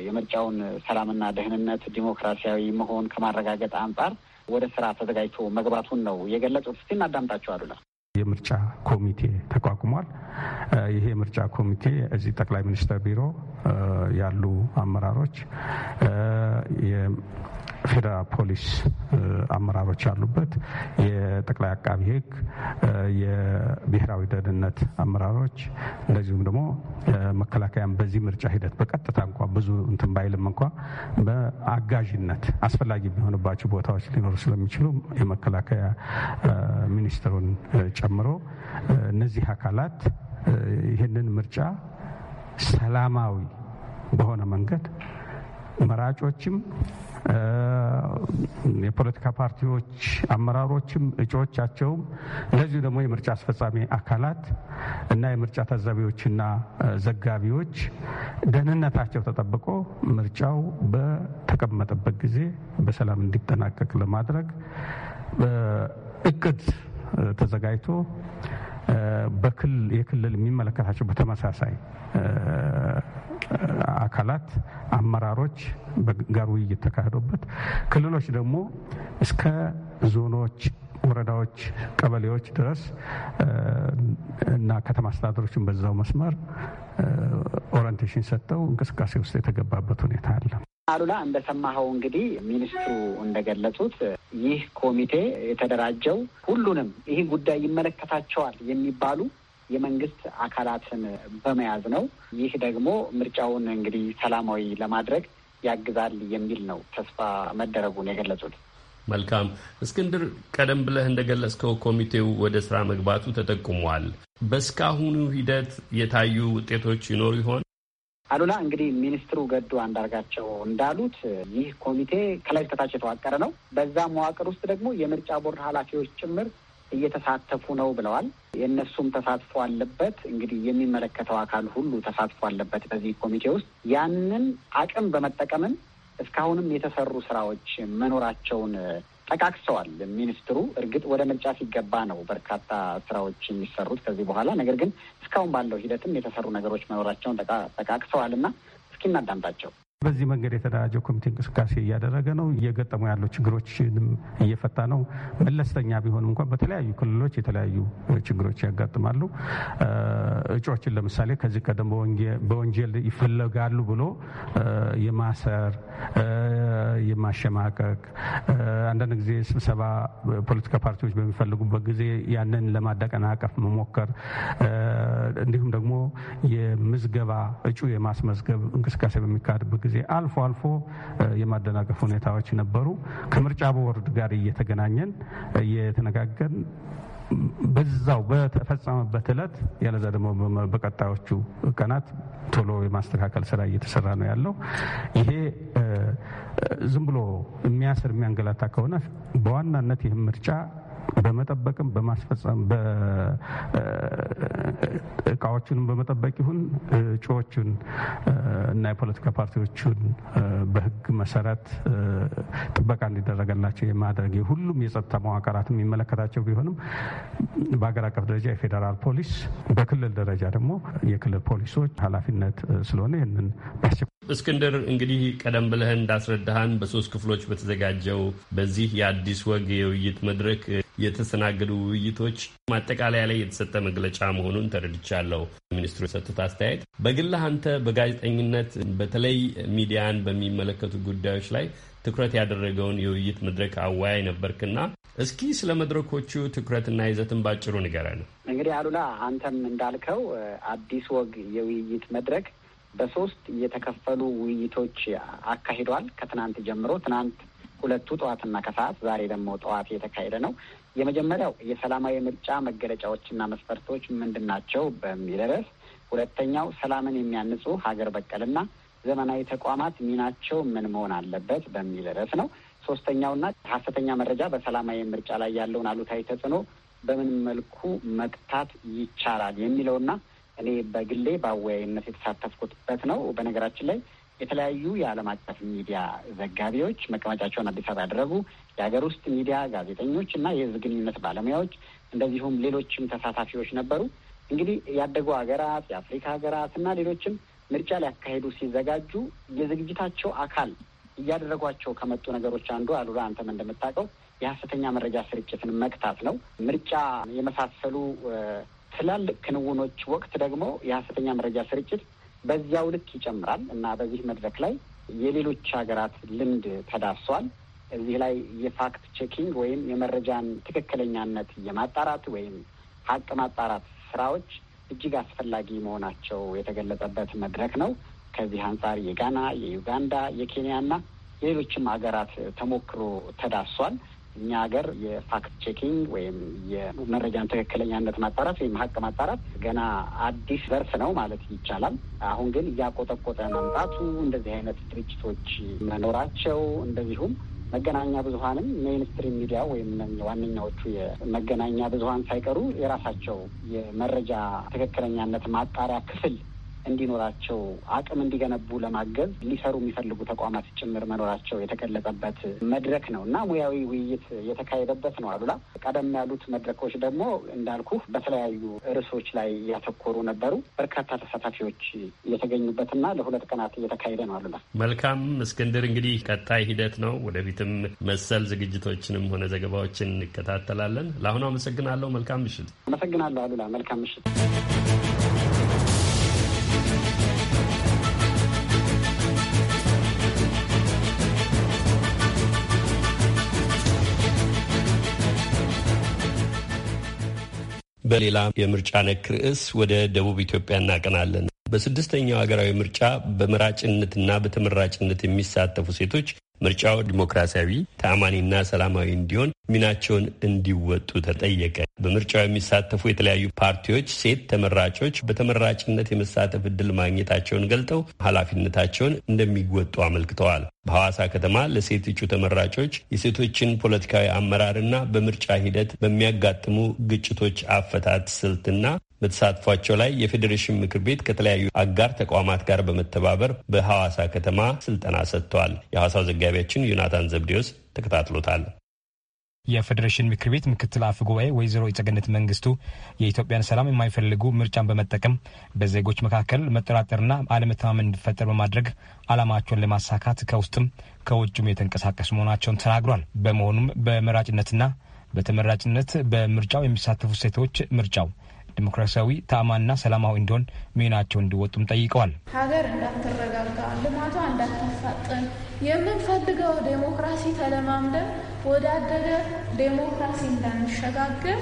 የምርጫውን ሰላምና ደህንነት ዲሞክራሲያዊ መሆን ከማረጋገጥ አንጻር ወደ ስራ ተዘጋጅቶ መግባቱን ነው የገለጹት። እስቲ እናዳምጣቸው አሉላ። የምርጫ ኮሚቴ ተቋቁሟል። ይሄ የምርጫ ኮሚቴ እዚህ ጠቅላይ ሚኒስትር ቢሮ ያሉ አመራሮች ፌደራል ፖሊስ አመራሮች ያሉበት የጠቅላይ አቃቢ ህግ የብሔራዊ ደህንነት አመራሮች እንደዚሁም ደግሞ መከላከያም በዚህ ምርጫ ሂደት በቀጥታ እንኳ ብዙ እንትን ባይልም እንኳ በአጋዥነት አስፈላጊ የሚሆንባቸው ቦታዎች ሊኖሩ ስለሚችሉ የመከላከያ ሚኒስትሩን ጨምሮ እነዚህ አካላት ይህንን ምርጫ ሰላማዊ በሆነ መንገድ መራጮችም የፖለቲካ ፓርቲዎች አመራሮችም እጩዎቻቸውም፣ እንደዚሁ ደግሞ የምርጫ አስፈጻሚ አካላት እና የምርጫ ታዛቢዎችና ዘጋቢዎች ደህንነታቸው ተጠብቆ ምርጫው በተቀመጠበት ጊዜ በሰላም እንዲጠናቀቅ ለማድረግ እቅድ ተዘጋጅቶ የክልል የሚመለከታቸው በተመሳሳይ አካላት አመራሮች ጋር ውይይት ተካሂዶበት ክልሎች ደግሞ እስከ ዞኖች ወረዳዎች፣ ቀበሌዎች ድረስ እና ከተማ አስተዳደሮችን በዛው መስመር ኦሪንቴሽን ሰጥተው እንቅስቃሴ ውስጥ የተገባበት ሁኔታ አለ። አሉላ እንደሰማኸው እንግዲህ ሚኒስትሩ እንደገለጹት ይህ ኮሚቴ የተደራጀው ሁሉንም ይህ ጉዳይ ይመለከታቸዋል የሚባሉ የመንግስት አካላትን በመያዝ ነው። ይህ ደግሞ ምርጫውን እንግዲህ ሰላማዊ ለማድረግ ያግዛል የሚል ነው ተስፋ መደረጉን የገለጹት። መልካም እስክንድር፣ ቀደም ብለህ እንደገለጽከው ኮሚቴው ወደ ስራ መግባቱ ተጠቁሟል። በእስካሁኑ ሂደት የታዩ ውጤቶች ይኖሩ ይሆን? አሉላ እንግዲህ ሚኒስትሩ ገዱ አንዳርጋቸው እንዳሉት ይህ ኮሚቴ ከላይ ከታች የተዋቀረ ነው። በዛ መዋቅር ውስጥ ደግሞ የምርጫ ቦርድ ኃላፊዎች ጭምር እየተሳተፉ ነው ብለዋል። የእነሱም ተሳትፎ አለበት። እንግዲህ የሚመለከተው አካል ሁሉ ተሳትፎ አለበት በዚህ ኮሚቴ ውስጥ ያንን አቅም በመጠቀምም እስካሁንም የተሰሩ ስራዎች መኖራቸውን ጠቃቅሰዋል ሚኒስትሩ። እርግጥ ወደ ምርጫ ሲገባ ነው በርካታ ስራዎች የሚሰሩት ከዚህ በኋላ ነገር ግን እስካሁን ባለው ሂደትም የተሰሩ ነገሮች መኖራቸውን ጠቃቅሰዋል እና እስኪ እናዳምጣቸው። በዚህ መንገድ የተደራጀው ኮሚቴ እንቅስቃሴ እያደረገ ነው። እየገጠሙ ያሉ ችግሮችንም እየፈታ ነው። መለስተኛ ቢሆንም እንኳን በተለያዩ ክልሎች የተለያዩ ችግሮች ያጋጥማሉ። እጩዎችን ለምሳሌ ከዚህ ቀደም በወንጀል ይፈለጋሉ ብሎ የማሰር የማሸማቀቅ፣ አንዳንድ ጊዜ ስብሰባ ፖለቲካ ፓርቲዎች በሚፈልጉበት ጊዜ ያንን ለማደቀናቀፍ መሞከር፣ እንዲሁም ደግሞ የምዝገባ እጩ የማስመዝገብ እንቅስቃሴ በሚካሄድበት ጊዜ አልፎ አልፎ የማደናቀፍ ሁኔታዎች ነበሩ። ከምርጫ ቦርድ ጋር እየተገናኘን እየተነጋገን በዛው በተፈጸመበት እለት ያለዛ ደግሞ በቀጣዮቹ ቀናት ቶሎ የማስተካከል ስራ እየተሰራ ነው ያለው። ይሄ ዝም ብሎ የሚያስር የሚያንገላታ ከሆነ በዋናነት ይህም ምርጫ በመጠበቅም በማስፈጸም እቃዎችንም በመጠበቅ ይሁን እጩዎቹን እና የፖለቲካ ፓርቲዎችን በህግ መሰረት ጥበቃ እንዲደረገላቸው የማድረግ ሁሉም የጸጥታ መዋቅራት የሚመለከታቸው ቢሆንም በሀገር አቀፍ ደረጃ የፌዴራል ፖሊስ፣ በክልል ደረጃ ደግሞ የክልል ፖሊሶች ኃላፊነት ስለሆነ ይህንን እስክንድር እንግዲህ ቀደም ብለህ እንዳስረዳህን በሶስት ክፍሎች በተዘጋጀው በዚህ የአዲስ ወግ የውይይት መድረክ የተሰናገዱ ውይይቶች ማጠቃለያ ላይ የተሰጠ መግለጫ መሆኑን ተረድቻለሁ። ሚኒስትሩ የሰጡት አስተያየት በግልህ አንተ በጋዜጠኝነት በተለይ ሚዲያን በሚመለከቱ ጉዳዮች ላይ ትኩረት ያደረገውን የውይይት መድረክ አወያይ ነበርክና እስኪ ስለ መድረኮቹ ትኩረትና ይዘትን ባጭሩ ንገረን። እንግዲህ አሉላ፣ አንተም እንዳልከው አዲስ ወግ የውይይት መድረክ በሶስት የተከፈሉ ውይይቶች አካሂዷል። ከትናንት ጀምሮ ትናንት ሁለቱ ጠዋትና ከሰዓት ዛሬ ደግሞ ጠዋት የተካሄደ ነው። የመጀመሪያው የሰላማዊ ምርጫ መገለጫዎችና መስፈርቶች ምንድን ናቸው በሚል ርዕስ፣ ሁለተኛው ሰላምን የሚያንጹ ሀገር በቀልና ዘመናዊ ተቋማት ሚናቸው ምን መሆን አለበት በሚል ርዕስ ነው። ሶስተኛውና ሀሰተኛ መረጃ በሰላማዊ ምርጫ ላይ ያለውን አሉታዊ ተጽዕኖ በምን መልኩ መቅታት ይቻላል የሚለውና እኔ በግሌ በአወያይነት የተሳተፍኩትበት ነው። በነገራችን ላይ የተለያዩ የዓለም አቀፍ ሚዲያ ዘጋቢዎች መቀመጫቸውን አዲስ አበባ ያደረጉ የሀገር ውስጥ ሚዲያ ጋዜጠኞች እና የህዝብ ግንኙነት ባለሙያዎች እንደዚሁም ሌሎችም ተሳታፊዎች ነበሩ። እንግዲህ ያደጉ ሀገራት፣ የአፍሪካ ሀገራት እና ሌሎችም ምርጫ ሊያካሄዱ ሲዘጋጁ የዝግጅታቸው አካል እያደረጓቸው ከመጡ ነገሮች አንዱ አሉላ አንተም እንደምታውቀው የሀሰተኛ መረጃ ስርጭትን መቅታት ነው። ምርጫ የመሳሰሉ ትላልቅ ክንውኖች ወቅት ደግሞ የሀሰተኛ መረጃ ስርጭት በዚያው ልክ ይጨምራል እና በዚህ መድረክ ላይ የሌሎች ሀገራት ልምድ ተዳርሷል። እዚህ ላይ የፋክት ቼኪንግ ወይም የመረጃን ትክክለኛነት የማጣራት ወይም ሀቅ ማጣራት ስራዎች እጅግ አስፈላጊ መሆናቸው የተገለጸበት መድረክ ነው። ከዚህ አንጻር የጋና፣ የዩጋንዳ፣ የኬንያና የሌሎችም ሀገራት ተሞክሮ ተዳሷል። እኛ ሀገር የፋክት ቼኪንግ ወይም የመረጃን ትክክለኛነት ማጣራት ወይም ሀቅ ማጣራት ገና አዲስ ዘርፍ ነው ማለት ይቻላል። አሁን ግን እያቆጠቆጠ መምጣቱ፣ እንደዚህ አይነት ድርጅቶች መኖራቸው፣ እንደዚሁም መገናኛ ብዙኃንም ሜይንስትሪም ሚዲያ ወይም ዋነኛዎቹ የመገናኛ ብዙኃን ሳይቀሩ የራሳቸው የመረጃ ትክክለኛነት ማጣሪያ ክፍል እንዲኖራቸው አቅም እንዲገነቡ ለማገዝ ሊሰሩ የሚፈልጉ ተቋማት ጭምር መኖራቸው የተገለጸበት መድረክ ነው እና ሙያዊ ውይይት የተካሄደበት ነው። አሉላ ቀደም ያሉት መድረኮች ደግሞ እንዳልኩ በተለያዩ ርዕሶች ላይ ያተኮሩ ነበሩ። በርካታ ተሳታፊዎች እየተገኙበትና ለሁለት ቀናት እየተካሄደ ነው። አሉላ መልካም እስክንድር፣ እንግዲህ ቀጣይ ሂደት ነው። ወደፊትም መሰል ዝግጅቶችንም ሆነ ዘገባዎችን እንከታተላለን። ለአሁኑ አመሰግናለሁ። መልካም ምሽት። አመሰግናለሁ አሉላ። መልካም ምሽት። በሌላ የምርጫ ነክ ርዕስ ወደ ደቡብ ኢትዮጵያ እናቀናለን። በስድስተኛው ሀገራዊ ምርጫ በመራጭነትና በተመራጭነት የሚሳተፉ ሴቶች ምርጫው ዲሞክራሲያዊ ተአማኒና ሰላማዊ እንዲሆን ሚናቸውን እንዲወጡ ተጠየቀ። በምርጫው የሚሳተፉ የተለያዩ ፓርቲዎች ሴት ተመራጮች በተመራጭነት የመሳተፍ እድል ማግኘታቸውን ገልጠው ኃላፊነታቸውን እንደሚወጡ አመልክተዋል። በሐዋሳ ከተማ ለሴት እጩ ተመራጮች የሴቶችን ፖለቲካዊ አመራርና በምርጫ ሂደት በሚያጋጥሙ ግጭቶች አፈታት ስልትና በተሳትፏቸው ላይ የፌዴሬሽን ምክር ቤት ከተለያዩ አጋር ተቋማት ጋር በመተባበር በሐዋሳ ከተማ ስልጠና ሰጥተዋል። የሐዋሳው ዘጋቢያችን ዮናታን ዘብዴዎስ ተከታትሎታል። የፌዴሬሽን ምክር ቤት ምክትል አፈ ጉባኤ ወይዘሮ የጸገነት መንግስቱ የኢትዮጵያን ሰላም የማይፈልጉ ምርጫን በመጠቀም በዜጎች መካከል መጠራጠርና አለመተማመን እንዲፈጠር በማድረግ አላማቸውን ለማሳካት ከውስጥም ከውጭም የተንቀሳቀሱ መሆናቸውን ተናግሯል። በመሆኑም በመራጭነትና በተመራጭነት በምርጫው የሚሳተፉ ሴቶች ምርጫው ዲሞክራሲያዊ ታማና ሰላማዊ እንዲሆን ሚናቸው እንዲወጡም ጠይቀዋል። ሀገር እንዳትረጋጋ፣ ልማቷ እንዳታፋጥን የምንፈልገው ዴሞክራሲ ተለማምደን ወዳደገ ዴሞክራሲ እንዳንሸጋገር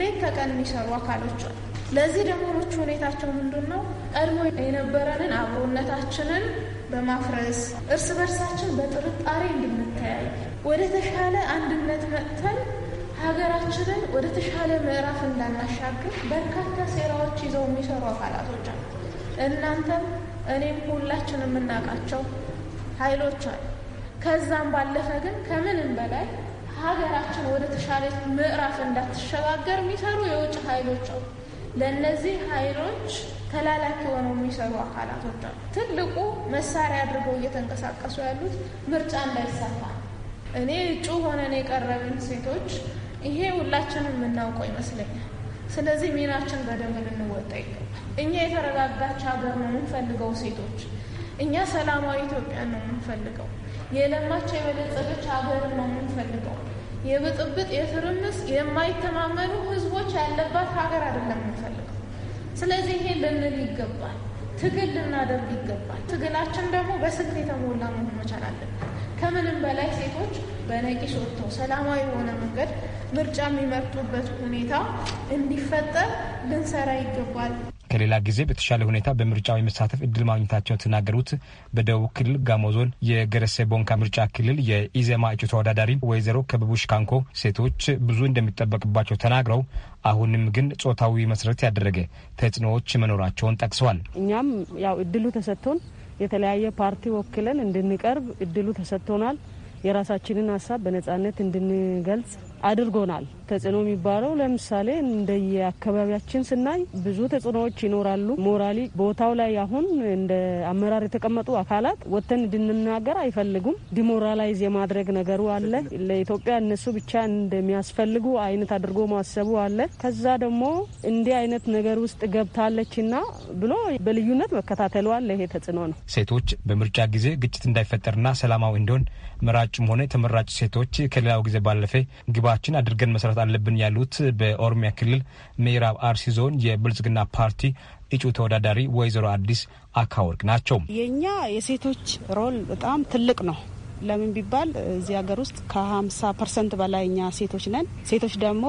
ሌት ተቀን የሚሰሩ አካሎች አሉ። ለዚህ ደግሞ ምቹ ሁኔታቸው ምንድን ነው? ቀድሞ የነበረንን አብሮነታችንን በማፍረስ እርስ በርሳችን በጥርጣሬ እንድንተያይ ወደ ተሻለ አንድነት መጥተን ሀገራችንን ወደ ተሻለ ምዕራፍ እንዳናሻግር በርካታ ሴራዎች ይዘው የሚሰሩ አካላቶች አሉ። እናንተም እኔም ሁላችን የምናውቃቸው ኃይሎች አሉ። ከዛም ባለፈ ግን ከምንም በላይ ሀገራችን ወደ ተሻለ ምዕራፍ እንዳትሸጋገር የሚሰሩ የውጭ ኃይሎች አሉ። ለእነዚህ ኃይሎች ተላላኪ ሆነው የሚሰሩ አካላቶች አሉ። ትልቁ መሳሪያ አድርገው እየተንቀሳቀሱ ያሉት ምርጫ እንዳይሰፋ እኔ እጩ ሆነን የቀረብን ሴቶች ይሄ ሁላችንም የምናውቀው ይመስለኛል። ስለዚህ ሚናችን በደንብ ልንወጣ ይገባል። እኛ የተረጋጋች ሀገር ነው የምንፈልገው ሴቶች። እኛ ሰላማዊ ኢትዮጵያ ነው የምንፈልገው። የለማች የበለጸገች ሀገርን ነው የምንፈልገው። የብጥብጥ፣ የትርምስ፣ የማይተማመኑ ህዝቦች ያለባት ሀገር አይደለም የምንፈልገው። ስለዚህ ይሄ ልንል ይገባል። ትግል ልናደርግ ይገባል። ትግላችን ደግሞ በስልት የተሞላ መሆን መቻል አለብን። ከምንም በላይ ሴቶች በነቂስ ወጥተው ሰላማዊ የሆነ መንገድ ምርጫ የሚመርጡበት ሁኔታ እንዲፈጠር ልንሰራ ይገባል። ከሌላ ጊዜ በተሻለ ሁኔታ በምርጫው የመሳተፍ እድል ማግኘታቸውን ተናገሩት። በደቡብ ክልል ጋሞ ዞን የገረሴ ቦንካ ምርጫ ክልል የኢዜማ እጩ ተወዳዳሪ ወይዘሮ ከብቡሽ ካንኮ ሴቶች ብዙ እንደሚጠበቅባቸው ተናግረው አሁንም ግን ጾታዊ መሰረት ያደረገ ተጽዕኖዎች መኖራቸውን ጠቅሰዋል። እኛም ያው እድሉ ተሰጥቶን የተለያየ ፓርቲ ወክለን እንድንቀርብ እድሉ ተሰጥቶናል። የራሳችንን ሀሳብ በነጻነት እንድንገልጽ አድርጎናል። ተጽዕኖ የሚባለው ለምሳሌ እንደየ አካባቢያችን ስናይ ብዙ ተጽዕኖዎች ይኖራሉ። ሞራሊ ቦታው ላይ አሁን እንደ አመራር የተቀመጡ አካላት ወጥተን እንድንናገር አይፈልጉም። ዲሞራላይዝ የማድረግ ነገሩ አለ። ለኢትዮጵያ እነሱ ብቻ እንደሚያስፈልጉ አይነት አድርጎ ማሰቡ አለ። ከዛ ደግሞ እንዲህ አይነት ነገር ውስጥ ገብታለችና ብሎ በልዩነት መከታተሉ አለ። ይሄ ተጽዕኖ ነው። ሴቶች በምርጫ ጊዜ ግጭት እንዳይፈጠርና ሰላማዊ እንዲሆን መራጭም ሆነ ተመራጭ ሴቶች ከሌላው ጊዜ ባለፈ ግባ ግባችን አድርገን መስራት አለብን ያሉት በኦሮሚያ ክልል ምዕራብ አርሲ ዞን የብልጽግና ፓርቲ እጩ ተወዳዳሪ ወይዘሮ አዲስ አካወርቅ ናቸው። የእኛ የሴቶች ሮል በጣም ትልቅ ነው። ለምን ቢባል እዚህ ሀገር ውስጥ ከ50 ፐርሰንት በላይ እኛ ሴቶች ነን። ሴቶች ደግሞ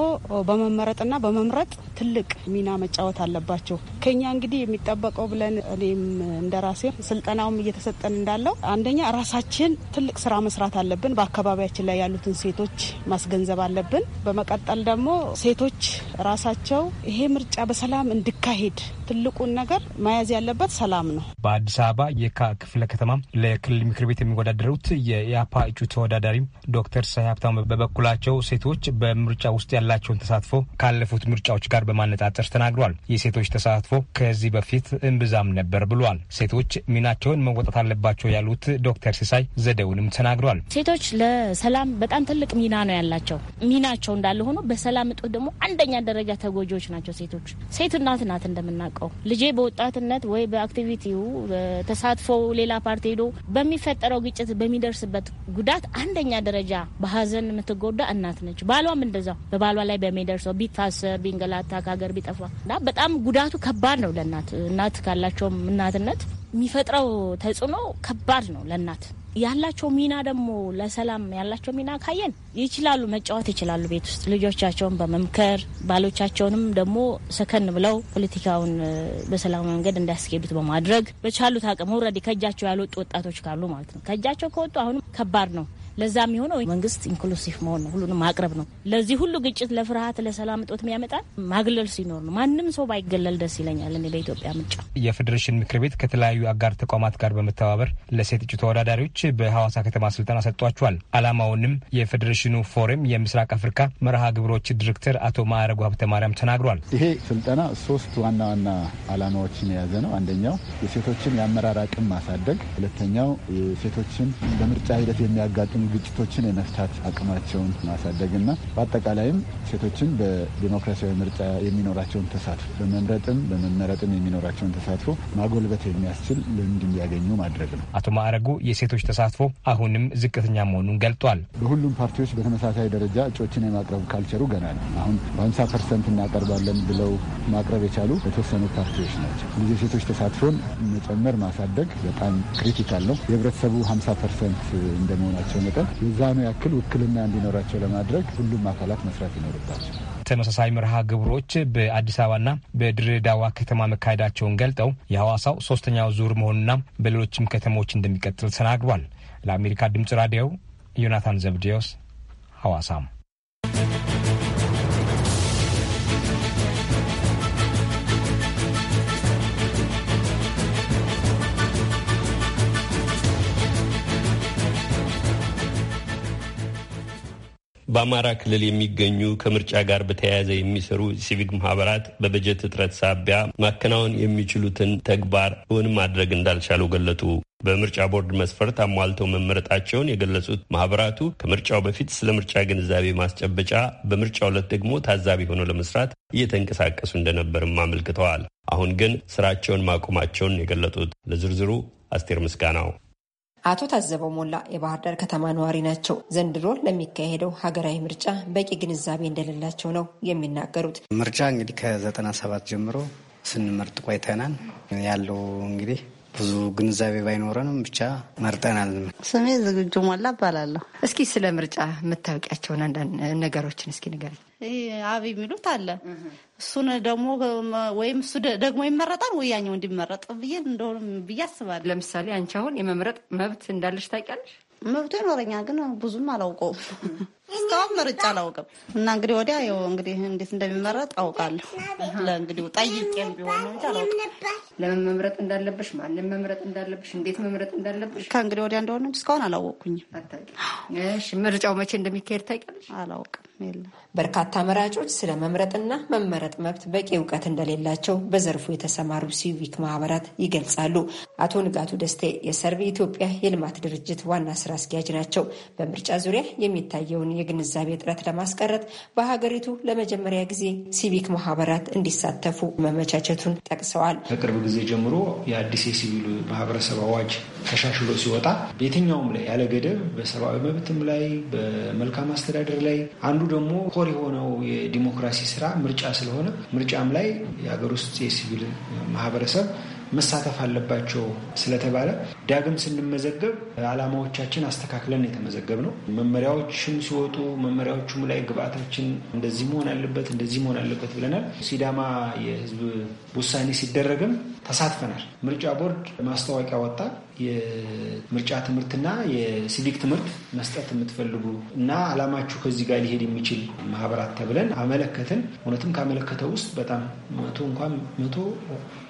በመመረጥና በመምረጥ ትልቅ ሚና መጫወት አለባቸው። ከኛ እንግዲህ የሚጠበቀው ብለን እኔም እንደ ራሴ ስልጠናውም እየተሰጠን እንዳለው አንደኛ ራሳችን ትልቅ ስራ መስራት አለብን። በአካባቢያችን ላይ ያሉትን ሴቶች ማስገንዘብ አለብን። በመቀጠል ደግሞ ሴቶች ራሳቸው ይሄ ምርጫ በሰላም እንዲካሄድ ትልቁን ነገር መያዝ ያለበት ሰላም ነው። በአዲስ አበባ የካ ክፍለ ከተማ ለክልል ምክር ቤት የሚወዳደሩት የኢያፓ እጩ ተወዳዳሪ ዶክተር ሳይ ሀብታሙ በበኩላቸው ሴቶች በምርጫ ውስጥ ያላቸውን ተሳትፎ ካለፉት ምርጫዎች ጋር በማነጣጠር ተናግሯል። የሴቶች ተሳትፎ ከዚህ በፊት እምብዛም ነበር ብሏል። ሴቶች ሚናቸውን መወጣት አለባቸው ያሉት ዶክተር ሲሳይ ዘደውንም ተናግሯል። ሴቶች ለሰላም በጣም ትልቅ ሚና ነው ያላቸው። ሚናቸው እንዳለ ሆኖ በሰላም እጦት ደግሞ አንደኛ ደረጃ ተጎጂዎች ናቸው ሴቶች። ሴት እናት ናት እንደምናውቀው የማውቀው። ልጄ በወጣትነት ወይ በአክቲቪቲው ተሳትፎ ሌላ ፓርቲ ሄዶ በሚፈጠረው ግጭት በሚደርስበት ጉዳት አንደኛ ደረጃ በሀዘን የምትጎዳ እናት ነች። ባሏም እንደዛው በባሏ ላይ በሚደርሰው ቢታሰር፣ ቢንገላታ፣ ከሀገር ቢጠፋ እና በጣም ጉዳቱ ከባድ ነው ለእናት እናት ካላቸውም እናትነት የሚፈጥረው ተጽዕኖ ከባድ ነው ለእናት ያላቸው ሚና ደግሞ ለሰላም ያላቸው ሚና ካየን ይችላሉ፣ መጫወት ይችላሉ። ቤት ውስጥ ልጆቻቸውን በመምከር ባሎቻቸውንም ደግሞ ሰከን ብለው ፖለቲካውን በሰላም መንገድ እንዲያስኬዱት በማድረግ በቻሉት አቅም ረዲ ከእጃቸው ያልወጡ ወጣቶች ካሉ ማለት ነው። ከእጃቸው ከወጡ አሁንም ከባድ ነው። ለዛ የሚሆነው መንግስት ኢንክሉሲቭ መሆን ነው፣ ሁሉንም ማቅረብ ነው። ለዚህ ሁሉ ግጭት፣ ለፍርሃት፣ ለሰላም እጦት የሚያመጣን ማግለል ሲኖር ነው። ማንም ሰው ባይገለል ደስ ይለኛል እኔ በኢትዮጵያ ምርጫ። የፌዴሬሽን ምክር ቤት ከተለያዩ አጋር ተቋማት ጋር በመተባበር ለሴት እጩ ተወዳዳሪዎች በሐዋሳ ከተማ ስልጠና ሰጥቷቸዋል። አላማውንም የፌዴሬሽኑ ፎረም የምስራቅ አፍሪካ መርሃ ግብሮች ዲሬክተር አቶ ማዕረጉ ሀብተ ማርያም ተናግሯል። ይሄ ስልጠና ሶስት ዋና ዋና አላማዎችን የያዘ ነው። አንደኛው የሴቶችን የአመራር አቅም ማሳደግ፣ ሁለተኛው የሴቶችን በምርጫ ሂደት የሚያጋጥም ያሉትን ግጭቶችን የመፍታት አቅማቸውን ማሳደግና በአጠቃላይም ሴቶችን በዲሞክራሲያዊ ምርጫ የሚኖራቸውን ተሳትፎ በመምረጥም በመመረጥም የሚኖራቸውን ተሳትፎ ማጎልበት የሚያስችል ልምድ እንዲያገኙ ማድረግ ነው። አቶ ማዕረጉ የሴቶች ተሳትፎ አሁንም ዝቅተኛ መሆኑን ገልጧል። በሁሉም ፓርቲዎች በተመሳሳይ ደረጃ እጩዎችን የማቅረብ ካልቸሩ ገና ነው። አሁን በ50 ፐርሰንት እናቀርባለን ብለው ማቅረብ የቻሉ የተወሰኑ ፓርቲዎች ናቸው። ልጅ ሴቶች ተሳትፎን መጨመር ማሳደግ በጣም ክሪቲካል ነው። የህብረተሰቡ 50 ፐርሰንት እንደመሆናቸው የዛ የዛኑ ያክል ውክልና እንዲኖራቸው ለማድረግ ሁሉም አካላት መስራት ይኖርባቸው። ተመሳሳይ መርሃ ግብሮች በአዲስ አበባና በድሬዳዋ ከተማ መካሄዳቸውን ገልጠው የሐዋሳው ሶስተኛው ዙር መሆኑና በሌሎችም ከተሞች እንደሚቀጥል ተናግሯል። ለአሜሪካ ድምጽ ራዲዮ ዮናታን ዘብዴዎስ ሐዋሳም በአማራ ክልል የሚገኙ ከምርጫ ጋር በተያያዘ የሚሰሩ ሲቪክ ማህበራት በበጀት እጥረት ሳቢያ ማከናወን የሚችሉትን ተግባር እውን ማድረግ እንዳልቻሉ ገለጡ። በምርጫ ቦርድ መስፈርት አሟልተው መመረጣቸውን የገለጹት ማህበራቱ ከምርጫው በፊት ስለ ምርጫ ግንዛቤ ማስጨበጫ፣ በምርጫ ዕለት ደግሞ ታዛቢ ሆኖ ለመስራት እየተንቀሳቀሱ እንደነበርም አመልክተዋል። አሁን ግን ስራቸውን ማቆማቸውን የገለጡት ለዝርዝሩ አስቴር ምስጋናው አቶ ታዘበው ሞላ የባህር ዳር ከተማ ነዋሪ ናቸው። ዘንድሮ ለሚካሄደው ሀገራዊ ምርጫ በቂ ግንዛቤ እንደሌላቸው ነው የሚናገሩት። ምርጫ እንግዲህ ከዘጠና ሰባት ጀምሮ ስንመርጥ ቆይተናል። ያለው እንግዲህ ብዙ ግንዛቤ ባይኖረንም ብቻ መርጠናል። ስሜ ዝግጁ ሞላ እባላለሁ። እስኪ ስለ ምርጫ የምታውቂያቸውን አንዳንድ ነገሮችን እስኪ ንገር። አብ የሚሉት አለ። እሱን ደግሞ ወይም እሱ ደግሞ ይመረጣል ወይ ያኛው እንዲመረጥ ብዬ እንደሆነ ብዬ አስባለሁ። ለምሳሌ አንቺ አሁን የመምረጥ መብት እንዳለች ታውቂያለሽ? መብቱ ይኖረኛል፣ ግን ብዙም አላውቀውም እስካሁን መርጫ አላውቅም እና እንግዲህ ወዲያ ያው እንግዲህ እንዴት እንደሚመረጥ አውቃለሁ። ለእንግዲህ ጠይቄም ቢሆን እንጂ አላውቅም ለምን መምረጥ እንዳለብሽ፣ ማንም መምረጥ እንዳለብሽ፣ እንዴት መምረጥ እንዳለብሽ ከእንግዲህ ወዲያ እንደሆነ እንጂ እስካሁን አላወቅኩኝም። እሺ ምርጫው መቼ እንደሚካሄድ ታውቂያለሽ? አላውቅም። የለም በርካታ መራጮች ስለ መምረጥና መመረጥ መብት በቂ እውቀት እንደሌላቸው በዘርፉ የተሰማሩ ሲቪክ ማህበራት ይገልጻሉ። አቶ ንጋቱ ደስቴ የሰርቪ ኢትዮጵያ የልማት ድርጅት ዋና ስራ አስኪያጅ ናቸው። በምርጫ ዙሪያ የሚታየውን የግንዛቤ እጥረት ለማስቀረት በሀገሪቱ ለመጀመሪያ ጊዜ ሲቪክ ማህበራት እንዲሳተፉ መመቻቸቱን ጠቅሰዋል። ከቅርብ ጊዜ ጀምሮ የአዲስ የሲቪሉ ማህበረሰብ አዋጅ ተሻሽሎ ሲወጣ በየትኛውም ላይ ያለ ገደብ በሰብአዊ መብትም ላይ በመልካም አስተዳደር ላይ አንዱ ደግሞ ኮር የሆነው የዲሞክራሲ ስራ ምርጫ ስለሆነ ምርጫም ላይ የሀገር ውስጥ የሲቪል ማህበረሰብ መሳተፍ አለባቸው ስለተባለ ዳግም ስንመዘገብ አላማዎቻችን አስተካክለን የተመዘገብ ነው። መመሪያዎችም ሲወጡ መመሪያዎቹም ላይ ግብአታችን እንደዚህ መሆን አለበት፣ እንደዚህ መሆን አለበት ብለናል። ሲዳማ የህዝብ ውሳኔ ሲደረግም ተሳትፈናል። ምርጫ ቦርድ ማስታወቂያ ወጣ። የምርጫ ትምህርትና የሲቪክ ትምህርት መስጠት የምትፈልጉ እና አላማችሁ ከዚህ ጋር ሊሄድ የሚችል ማህበራት ተብለን አመለከትን። እውነትም ካመለከተው ውስጥ በጣም መቶ እንኳን መቶ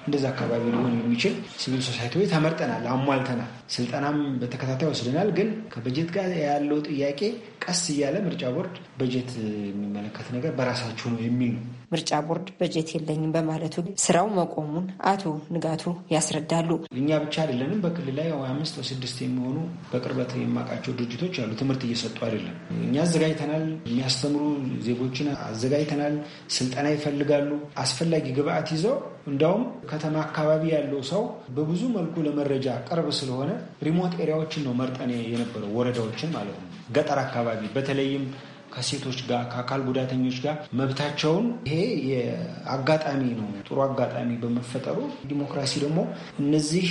እንደዚ አካባቢ ሊሆን የሚችል ሲቪል ሶሳይቲ ተመርጠናል፣ አሟልተናል። ስልጠናም በተከታታይ ወስደናል። ግን ከበጀት ጋር ያለው ጥያቄ ቀስ እያለ ምርጫ ቦርድ በጀት የሚመለከት ነገር በራሳችሁ ነው የሚል ነው። ምርጫ ቦርድ በጀት የለኝም በማለቱ ስራው መቆሙን አቶ ንጋቱ ያስረዳሉ። እኛ ብቻ አይደለንም በክልል ላይ አምስት ስድስት የሚሆኑ በቅርበት የማውቃቸው ድርጅቶች አሉ። ትምህርት እየሰጡ አይደለም። እኛ አዘጋጅተናል፣ የሚያስተምሩ ዜጎችን አዘጋጅተናል። ስልጠና ይፈልጋሉ። አስፈላጊ ግብአት ይዘው እንዲያውም ከተማ አካባቢ ያለው ሰው በብዙ መልኩ ለመረጃ ቅርብ ስለሆነ ሪሞት ኤሪያዎችን ነው መርጠን የነበረው ወረዳዎችን ማለት ነው። ገጠር አካባቢ በተለይም ከሴቶች ጋር ከአካል ጉዳተኞች ጋር መብታቸውን ይሄ የአጋጣሚ ነው ጥሩ አጋጣሚ በመፈጠሩ ዲሞክራሲ ደግሞ እነዚህ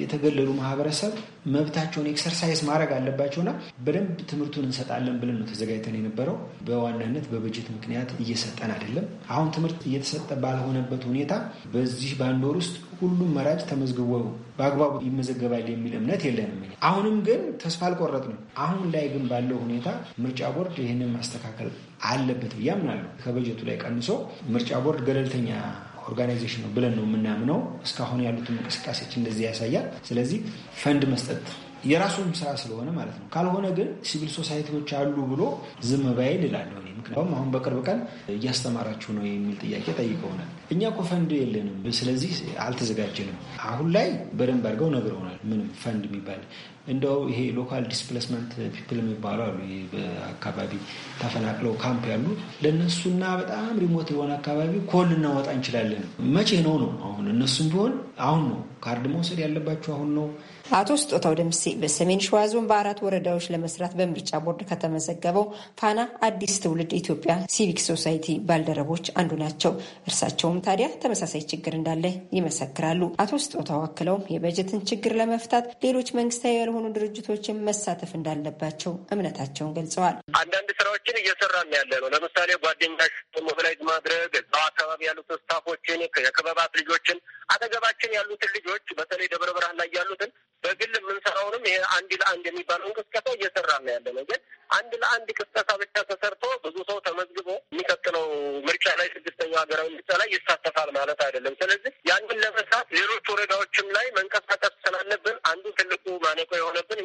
የተገለሉ ማህበረሰብ መብታቸውን ኤክሰርሳይዝ ማድረግ አለባቸውና በደንብ ትምህርቱን እንሰጣለን ብለን ነው ተዘጋጅተን የነበረው። በዋናነት በበጀት ምክንያት እየሰጠን አይደለም። አሁን ትምህርት እየተሰጠ ባልሆነበት ሁኔታ በዚህ በአንድ ወር ውስጥ ሁሉም መራጭ ተመዝግቦ በአግባቡ ይመዘገባል የሚል እምነት የለንም። አሁንም ግን ተስፋ አልቆረጥንም። አሁን ላይ ግን ባለው ሁኔታ ምርጫ ቦርድ ይህንን ማስተካከል አለበት ብዬ አምናለሁ። ከበጀቱ ላይ ቀንሶ ምርጫ ቦርድ ገለልተኛ ኦርጋናይዜሽን ነው ብለን ነው የምናምነው። እስካሁን ያሉትን እንቅስቃሴዎች እንደዚህ ያሳያል። ስለዚህ ፈንድ መስጠት የራሱን ስራ ስለሆነ ማለት ነው። ካልሆነ ግን ሲቪል ሶሳይቲዎች አሉ ብሎ ዝም ባይል እላለሁ። ምክንያቱም አሁን በቅርብ ቀን እያስተማራችሁ ነው የሚል ጥያቄ ጠይቀውናል። እኛ እኮ ፈንድ የለንም፣ ስለዚህ አልተዘጋጀንም። አሁን ላይ በደንብ አድርገው ነግረውናል። ምንም ፈንድ የሚባል እንደው ይሄ ሎካል ዲስፕሌስመንት ፒፕል የሚባሉ አሉ። በአካባቢ ተፈናቅለው ካምፕ ያሉ ለእነሱና በጣም ሪሞት የሆነ አካባቢ ኮል እናወጣ እንችላለን። መቼ ነው ነው አሁን እነሱም ቢሆን አሁን ነው ካርድ መውሰድ ያለባቸው አሁን ነው አቶ ስጦታው ደምሴ በሰሜን ሸዋ ዞን በአራት ወረዳዎች ለመስራት በምርጫ ቦርድ ከተመዘገበው ፋና አዲስ ትውልድ ኢትዮጵያ ሲቪክ ሶሳይቲ ባልደረቦች አንዱ ናቸው። እርሳቸውም ታዲያ ተመሳሳይ ችግር እንዳለ ይመሰክራሉ። አቶ ስጦታው አክለውም የበጀትን ችግር ለመፍታት ሌሎች መንግስታዊ ያልሆኑ ድርጅቶችን መሳተፍ እንዳለባቸው እምነታቸውን ገልጸዋል። አንዳንድ ስራዎችን እየሰራን ያለ ነው። ለምሳሌ ጓደኛ ሞቢላይዝ ማድረግ እዛው አካባቢ ያሉት ስታፎችን የክበባት ልጆችን አጠገባችን ያሉትን ልጆች በተለይ ደብረ ብርሃን ላይ ያሉትን በግል የምንሰራውንም ይሄ አንድ ለአንድ የሚባለውን ቅስቀሳ እየሰራ ነው ያለ ነው። ግን አንድ ለአንድ ቅስቀሳ ብቻ ተሰርቶ ብዙ ሰው ተመዝግቦ የሚቀጥለው ምርጫ ላይ ስድስተኛው ሀገራዊ ምርጫ ላይ ይሳተፋል ማለት አይደለም። ስለዚህ ያንን ለመስራት ሌሎች ወረዳዎችም ላይ መንቀሳቀስ ስላለብን አንዱ ትልቁ ማነቆ የሆነብን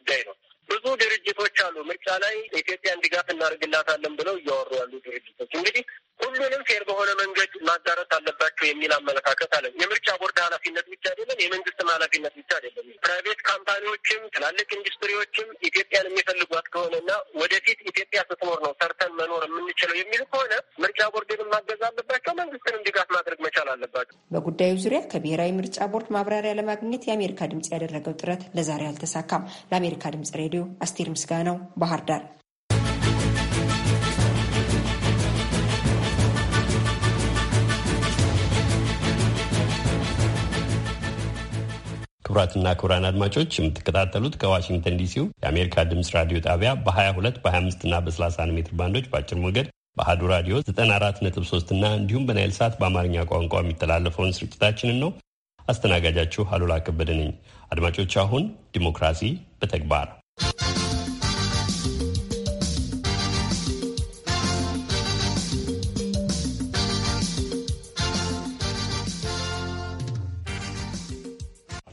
ጉዳይ ነው። ብዙ ድርጅቶች አሉ ምርጫ ላይ ኢትዮጵያን ድጋፍ እናደርግላታለን ብለው እያወሩ ያሉ ድርጅቶች እንግዲህ ሁሉንም ፌር በሆነ መንገድ ማዳረስ አለባቸው የሚል አመለካከት አለ። የምርጫ ቦርድ ኃላፊነት ብቻ አይደለም፣ የመንግስትም ኃላፊነት ብቻ አይደለም። ፕራይቬት ካምፓኒዎችም ትላልቅ ኢንዱስትሪዎችም ኢትዮጵያን የሚፈልጓት ከሆነና ወደፊት ኢትዮጵያ ስትኖር ነው ሰርተን መኖር የምንችለው የሚል ከሆነ ምርጫ ቦርድንም ማገዝ አለባቸው፣ መንግስትንም ድጋፍ ማድረግ መቻል አለባቸው። በጉዳዩ ዙሪያ ከብሔራዊ ምርጫ ቦርድ ማብራሪያ ለማግኘት የአሜሪካ ድምጽ ያደረገው ጥረት ለዛሬ አልተሳካም። ለአሜሪካ ድምጽ ሬዲዮ አስቴር ምስጋናው ባህር ዳር። ክቡራትና ክቡራን አድማጮች የምትከታተሉት ከዋሽንግተን ዲሲው የአሜሪካ ድምፅ ራዲዮ ጣቢያ በ22 በ25 እና በ31 ሜትር ባንዶች በአጭር ሞገድ በአሀዱ ራዲዮ 94.3 እና እንዲሁም በናይል ሰዓት በአማርኛ ቋንቋ የሚተላለፈውን ስርጭታችንን ነው። አስተናጋጃችሁ አሉላ ከበደ ነኝ። አድማጮች አሁን ዲሞክራሲ በተግባር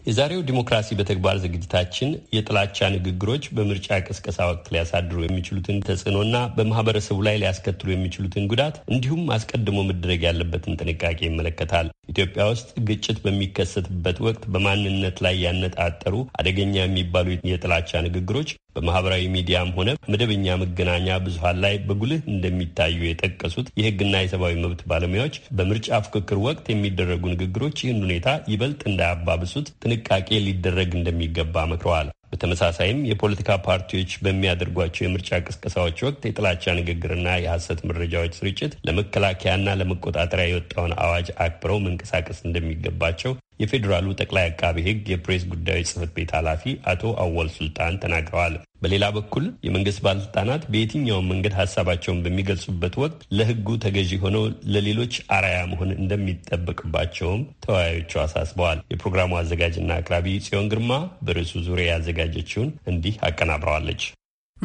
የዛሬው ዲሞክራሲ በተግባር ዝግጅታችን የጥላቻ ንግግሮች በምርጫ ቅስቀሳ ወቅት ሊያሳድሩ የሚችሉትን ተጽዕኖና በማህበረሰቡ ላይ ሊያስከትሉ የሚችሉትን ጉዳት እንዲሁም አስቀድሞ መደረግ ያለበትን ጥንቃቄ ይመለከታል። ኢትዮጵያ ውስጥ ግጭት በሚከሰትበት ወቅት በማንነት ላይ ያነጣጠሩ አደገኛ የሚባሉ የጥላቻ ንግግሮች በማህበራዊ ሚዲያም ሆነ መደበኛ መገናኛ ብዙሀን ላይ በጉልህ እንደሚታዩ የጠቀሱት የህግና የሰብአዊ መብት ባለሙያዎች በምርጫ ፉክክር ወቅት የሚደረጉ ንግግሮች ይህን ሁኔታ ይበልጥ እንዳያባብሱት ጥንቃቄ ሊደረግ እንደሚገባ መክረዋል። በተመሳሳይም የፖለቲካ ፓርቲዎች በሚያደርጓቸው የምርጫ ቅስቀሳዎች ወቅት የጥላቻ ንግግርና የሐሰት መረጃዎች ስርጭት ለመከላከያና ለመቆጣጠሪያ የወጣውን አዋጅ አክብረው መንቀሳቀስ እንደሚገባቸው የፌዴራሉ ጠቅላይ አቃቢ ሕግ የፕሬስ ጉዳዮች ጽህፈት ቤት ኃላፊ አቶ አወል ሱልጣን ተናግረዋል። በሌላ በኩል የመንግስት ባለስልጣናት በየትኛውም መንገድ ሀሳባቸውን በሚገልጹበት ወቅት ለሕጉ ተገዢ ሆነው ለሌሎች አራያ መሆን እንደሚጠበቅባቸውም ተወያዮቹ አሳስበዋል። የፕሮግራሙ አዘጋጅና አቅራቢ ጽዮን ግርማ በርዕሱ ዙሪያ ያዘጋ ያዘጋጀችውን እንዲህ አቀናብረዋለች።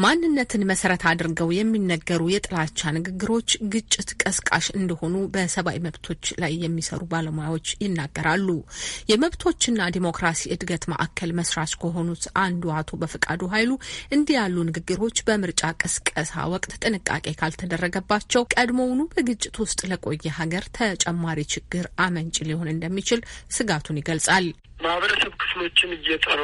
ማንነትን መሰረት አድርገው የሚነገሩ የጥላቻ ንግግሮች ግጭት ቀስቃሽ እንደሆኑ በሰብአዊ መብቶች ላይ የሚሰሩ ባለሙያዎች ይናገራሉ። የመብቶችና ዲሞክራሲ እድገት ማዕከል መስራች ከሆኑት አንዱ አቶ በፈቃዱ ኃይሉ እንዲህ ያሉ ንግግሮች በምርጫ ቅስቀሳ ወቅት ጥንቃቄ ካልተደረገባቸው ቀድሞውኑ በግጭት ውስጥ ለቆየ ሀገር ተጨማሪ ችግር አመንጭ ሊሆን እንደሚችል ስጋቱን ይገልጻል። ማህበረሰብ ክፍሎችን እየጠሩ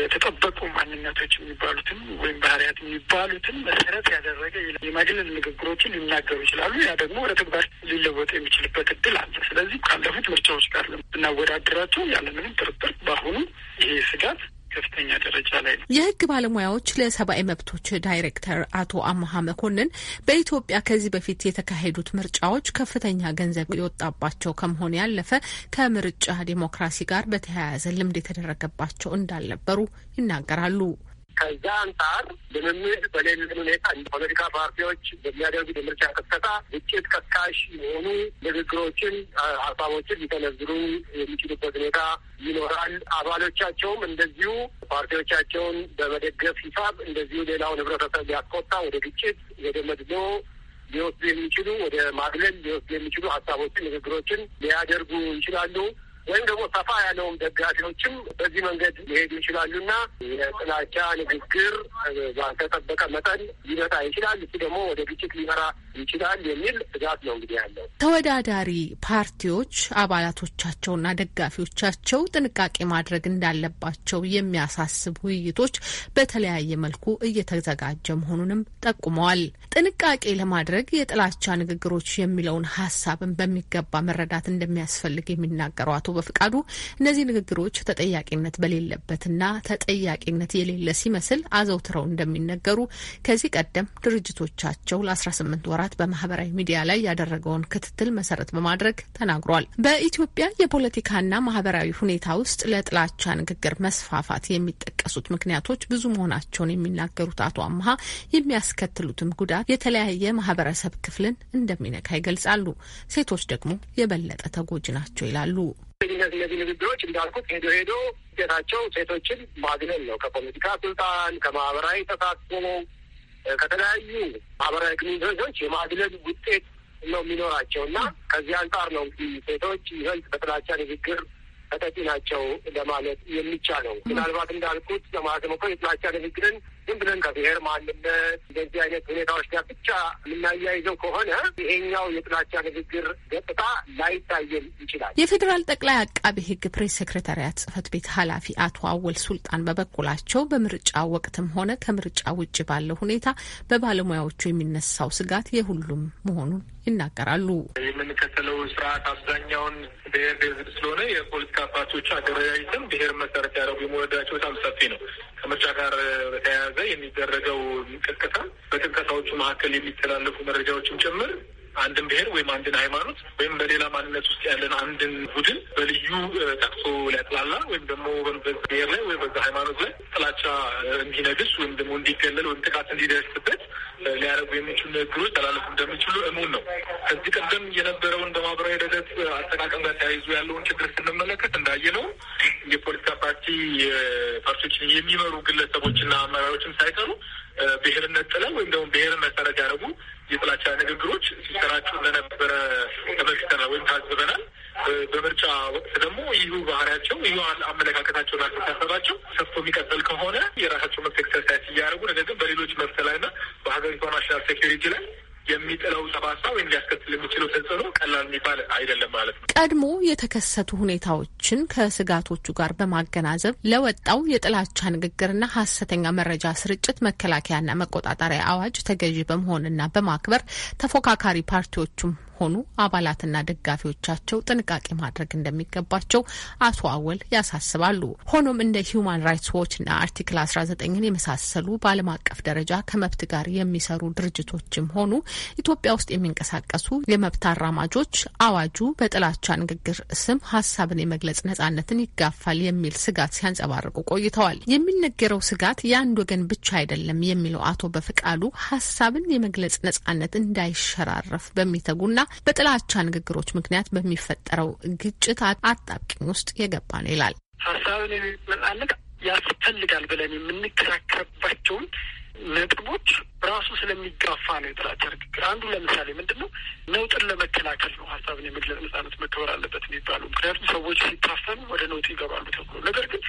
የተጠበቁ ማንነቶች የሚባሉትን ወይም ባህሪያት የሚባሉትን መሰረት ያደረገ የማግለል ንግግሮችን ሊናገሩ ይችላሉ። ያ ደግሞ ወደ ተግባር ሊለወጥ የሚችልበት እድል አለ። ስለዚህ ካለፉት ምርጫዎች ጋር ብናወዳድራቸው ያለምንም ጥርጥር በአሁኑ ይሄ ስጋት ከፍተኛ ደረጃ ላይ ነው። የህግ ባለሙያዎች ለሰብአዊ መብቶች ዳይሬክተር አቶ አመሃ መኮንን በኢትዮጵያ ከዚህ በፊት የተካሄዱት ምርጫዎች ከፍተኛ ገንዘብ የወጣባቸው ከመሆን ያለፈ ከምርጫ ዲሞክራሲ ጋር በተያያዘ ልምድ የተደረገባቸው እንዳልነበሩ ይናገራሉ። ከዛ አንጻር ልምምድ በሌለ ሁኔታ ፖለቲካ ፓርቲዎች በሚያደርጉት የምርጫ ቅስቀሳ ግጭት ቀስቃሽ የሆኑ ንግግሮችን፣ ሀሳቦችን ሊተነዝሩ የሚችሉበት ሁኔታ ይኖራል። አባሎቻቸውም እንደዚሁ ፓርቲዎቻቸውን በመደገፍ ሂሳብ እንደዚሁ ሌላውን ህብረተሰብ ሊያስቆጣ ወደ ግጭት የደመድሞ ሊወስዱ የሚችሉ ወደ ማግለል ሊወስዱ የሚችሉ ሀሳቦችን፣ ንግግሮችን ሊያደርጉ ይችላሉ። ወይም ደግሞ ሰፋ ያለውም ደጋፊዎችም በዚህ መንገድ ሊሄዱ ይችላሉና የጥላቻ ንግግር ባልተጠበቀ መጠን ሊመጣ ይችላል። እሱ ደግሞ ወደ ግጭት ሊመራ ይችላል የሚል ስጋት ነው እንግዲህ ያለው። ተወዳዳሪ ፓርቲዎች አባላቶቻቸውና ደጋፊዎቻቸው ጥንቃቄ ማድረግ እንዳለባቸው የሚያሳስብ ውይይቶች በተለያየ መልኩ እየተዘጋጀ መሆኑንም ጠቁመዋል። ጥንቃቄ ለማድረግ የጥላቻ ንግግሮች የሚለውን ሀሳብን በሚገባ መረዳት እንደሚያስፈልግ የሚናገረው አቶ በፍቃዱ እነዚህ ንግግሮች ተጠያቂነት በሌለበትና ተጠያቂነት የሌለ ሲመስል አዘውትረው እንደሚነገሩ ከዚህ ቀደም ድርጅቶቻቸው ለ18 ወራት በማህበራዊ ሚዲያ ላይ ያደረገውን ክትትል መሰረት በማድረግ ተናግሯል። በኢትዮጵያ የፖለቲካና ማህበራዊ ሁኔታ ውስጥ ለጥላቻ ንግግር መስፋፋት የሚጠቀሱት ምክንያቶች ብዙ መሆናቸውን የሚናገሩት አቶ አምሃ የሚያስከትሉትም ጉዳት የተለያየ ማህበረሰብ ክፍልን እንደሚነካ ይገልጻሉ። ሴቶች ደግሞ የበለጠ ተጎጂ ናቸው ይላሉ። እነዚህ ንግግሮች እንዳልኩት ሄዶ ሄዶ ውጤታቸው ሴቶችን ማግለል ነው። ከፖለቲካ ስልጣን፣ ከማህበራዊ ተሳትፎ፣ ከተለያዩ ማህበራዊ ግንኙነቶች የማግለል ውጤት ነው የሚኖራቸው እና ከዚህ አንጻር ነው እንግዲህ ሴቶች ይበልጥ በጥላቻ ንግግር ተጠቂ ናቸው ለማለት የሚቻለው። ምናልባት እንዳልኩት ለማለት ሞኮ የጥላቻ ንግግርን ዝም ብለን ከብሔር ማንነት እንደዚህ አይነት ሁኔታዎች ጋር ብቻ የምናያይዘው ከሆነ ይሄኛው የጥላቻ ንግግር ገጽታ ላይታየን ይችላል። የፌዴራል ጠቅላይ አቃቢ ሕግ ፕሬስ ሴክሬታሪያት ጽህፈት ቤት ኃላፊ አቶ አወል ሱልጣን በበኩላቸው በምርጫ ወቅትም ሆነ ከምርጫ ውጭ ባለው ሁኔታ በባለሙያዎቹ የሚነሳው ስጋት የሁሉም መሆኑን ይናገራሉ። የምንከተለው ስርዓት አብዛኛውን ብሔር ብሔረሰብ ስለሆነ የፖለቲካ ፓርቲዎች አደረጃጀትም ብሔር መሰረት ያደረጉ የመወዳቸው በጣም ሰፊ ነው። ከምርጫ ጋር በተያያዘ የሚደረገው ቅስቀሳ፣ በቅስቀሳዎቹ መካከል የሚተላለፉ መረጃዎችም ጭምር አንድን ብሔር ወይም አንድን ሃይማኖት ወይም በሌላ ማንነት ውስጥ ያለን አንድን ቡድን በልዩ ጠቅሶ ሊያጥላላ ወይም ደግሞ ብሔር ላይ ወይም በዛ ሃይማኖት ላይ ጥላቻ እንዲነግስ ወይም ደግሞ እንዲገለል ወይም ጥቃት እንዲደርስበት ሊያደርጉ የሚችሉ ንግግሮች ተላለፉ እንደሚችሉ እሙን ነው። ከዚህ ቀደም የነበረውን በማህበራዊ ደደት አጠቃቀም ጋር ተያይዞ ያለውን ችግር ስንመለከት እንዳየነው የፖለቲካ ፓርቲ ፓርቲዎችን የሚመሩ ግለሰቦችና አመራሮችም ሳይቀሩ ብሔርን ነጥለው ወይም ደግሞ ብሔርን መሰረት ያደረጉ የጥላቻ ንግግሮች ሲሰራጩ እንደነበረ ተመልክተናል ወይም ታዝበናል። በምርጫ ወቅት ደግሞ ይሁ ባህሪያቸው ይሁ አመለካከታቸውን አስተሳሰባቸው ሰፍቶ የሚቀጥል ከሆነ የራሳቸው መብት ኤክሰርሳይዝ እያደረጉ ነገር ግን በሌሎች መብት ላይ ና በሀገሪቷ ናሽናል ሴኪሪቲ ላይ የሚጥለው ጠባሳ ወይም ሊያስከትል የሚችለው ተጽዕኖ ቀላል የሚባል አይደለም ማለት ነው። ቀድሞ የተከሰቱ ሁኔታዎችን ከስጋቶቹ ጋር በማገናዘብ ለወጣው የጥላቻ ንግግርና ሀሰተኛ መረጃ ስርጭት መከላከያና መቆጣጠሪያ አዋጅ ተገዢ በመሆንና በማክበር ተፎካካሪ ፓርቲዎቹም ሆኑ አባላትና ደጋፊዎቻቸው ጥንቃቄ ማድረግ እንደሚገባቸው አቶ አወል ያሳስባሉ። ሆኖም እንደ ሂዩማን ራይትስ ዎችና አርቲክል 19ን የመሳሰሉ በዓለም አቀፍ ደረጃ ከመብት ጋር የሚሰሩ ድርጅቶችም ሆኑ ኢትዮጵያ ውስጥ የሚንቀሳቀሱ የመብት አራማጆች አዋጁ በጥላቻ ንግግር ስም ሀሳብን የመግለጽ ነጻነትን ይጋፋል የሚል ስጋት ሲያንጸባርቁ ቆይተዋል። የሚነገረው ስጋት የአንድ ወገን ብቻ አይደለም የሚለው አቶ በፍቃሉ ሀሳብን የመግለጽ ነጻነት እንዳይሸራረፍ በሚተጉና በጥላቻ ንግግሮች ምክንያት በሚፈጠረው ግጭት አጣብቂኝ ውስጥ የገባ ነው ይላል። ሀሳብን የሚመጣልቅ ያስፈልጋል ብለን የምንከራከርባቸውን ነጥቦች ራሱ ስለሚጋፋ ነው የጥላቻ ንግግር። አንዱ ለምሳሌ ምንድን ነው ነውጥን ለመከላከል ነው ሀሳብን የመግለጽ ነጻነት መከበር አለበት የሚባሉ። ምክንያቱም ሰዎች ሲታፈኑ ወደ ነውጥ ይገባሉ ተብሎ፣ ነገር ግን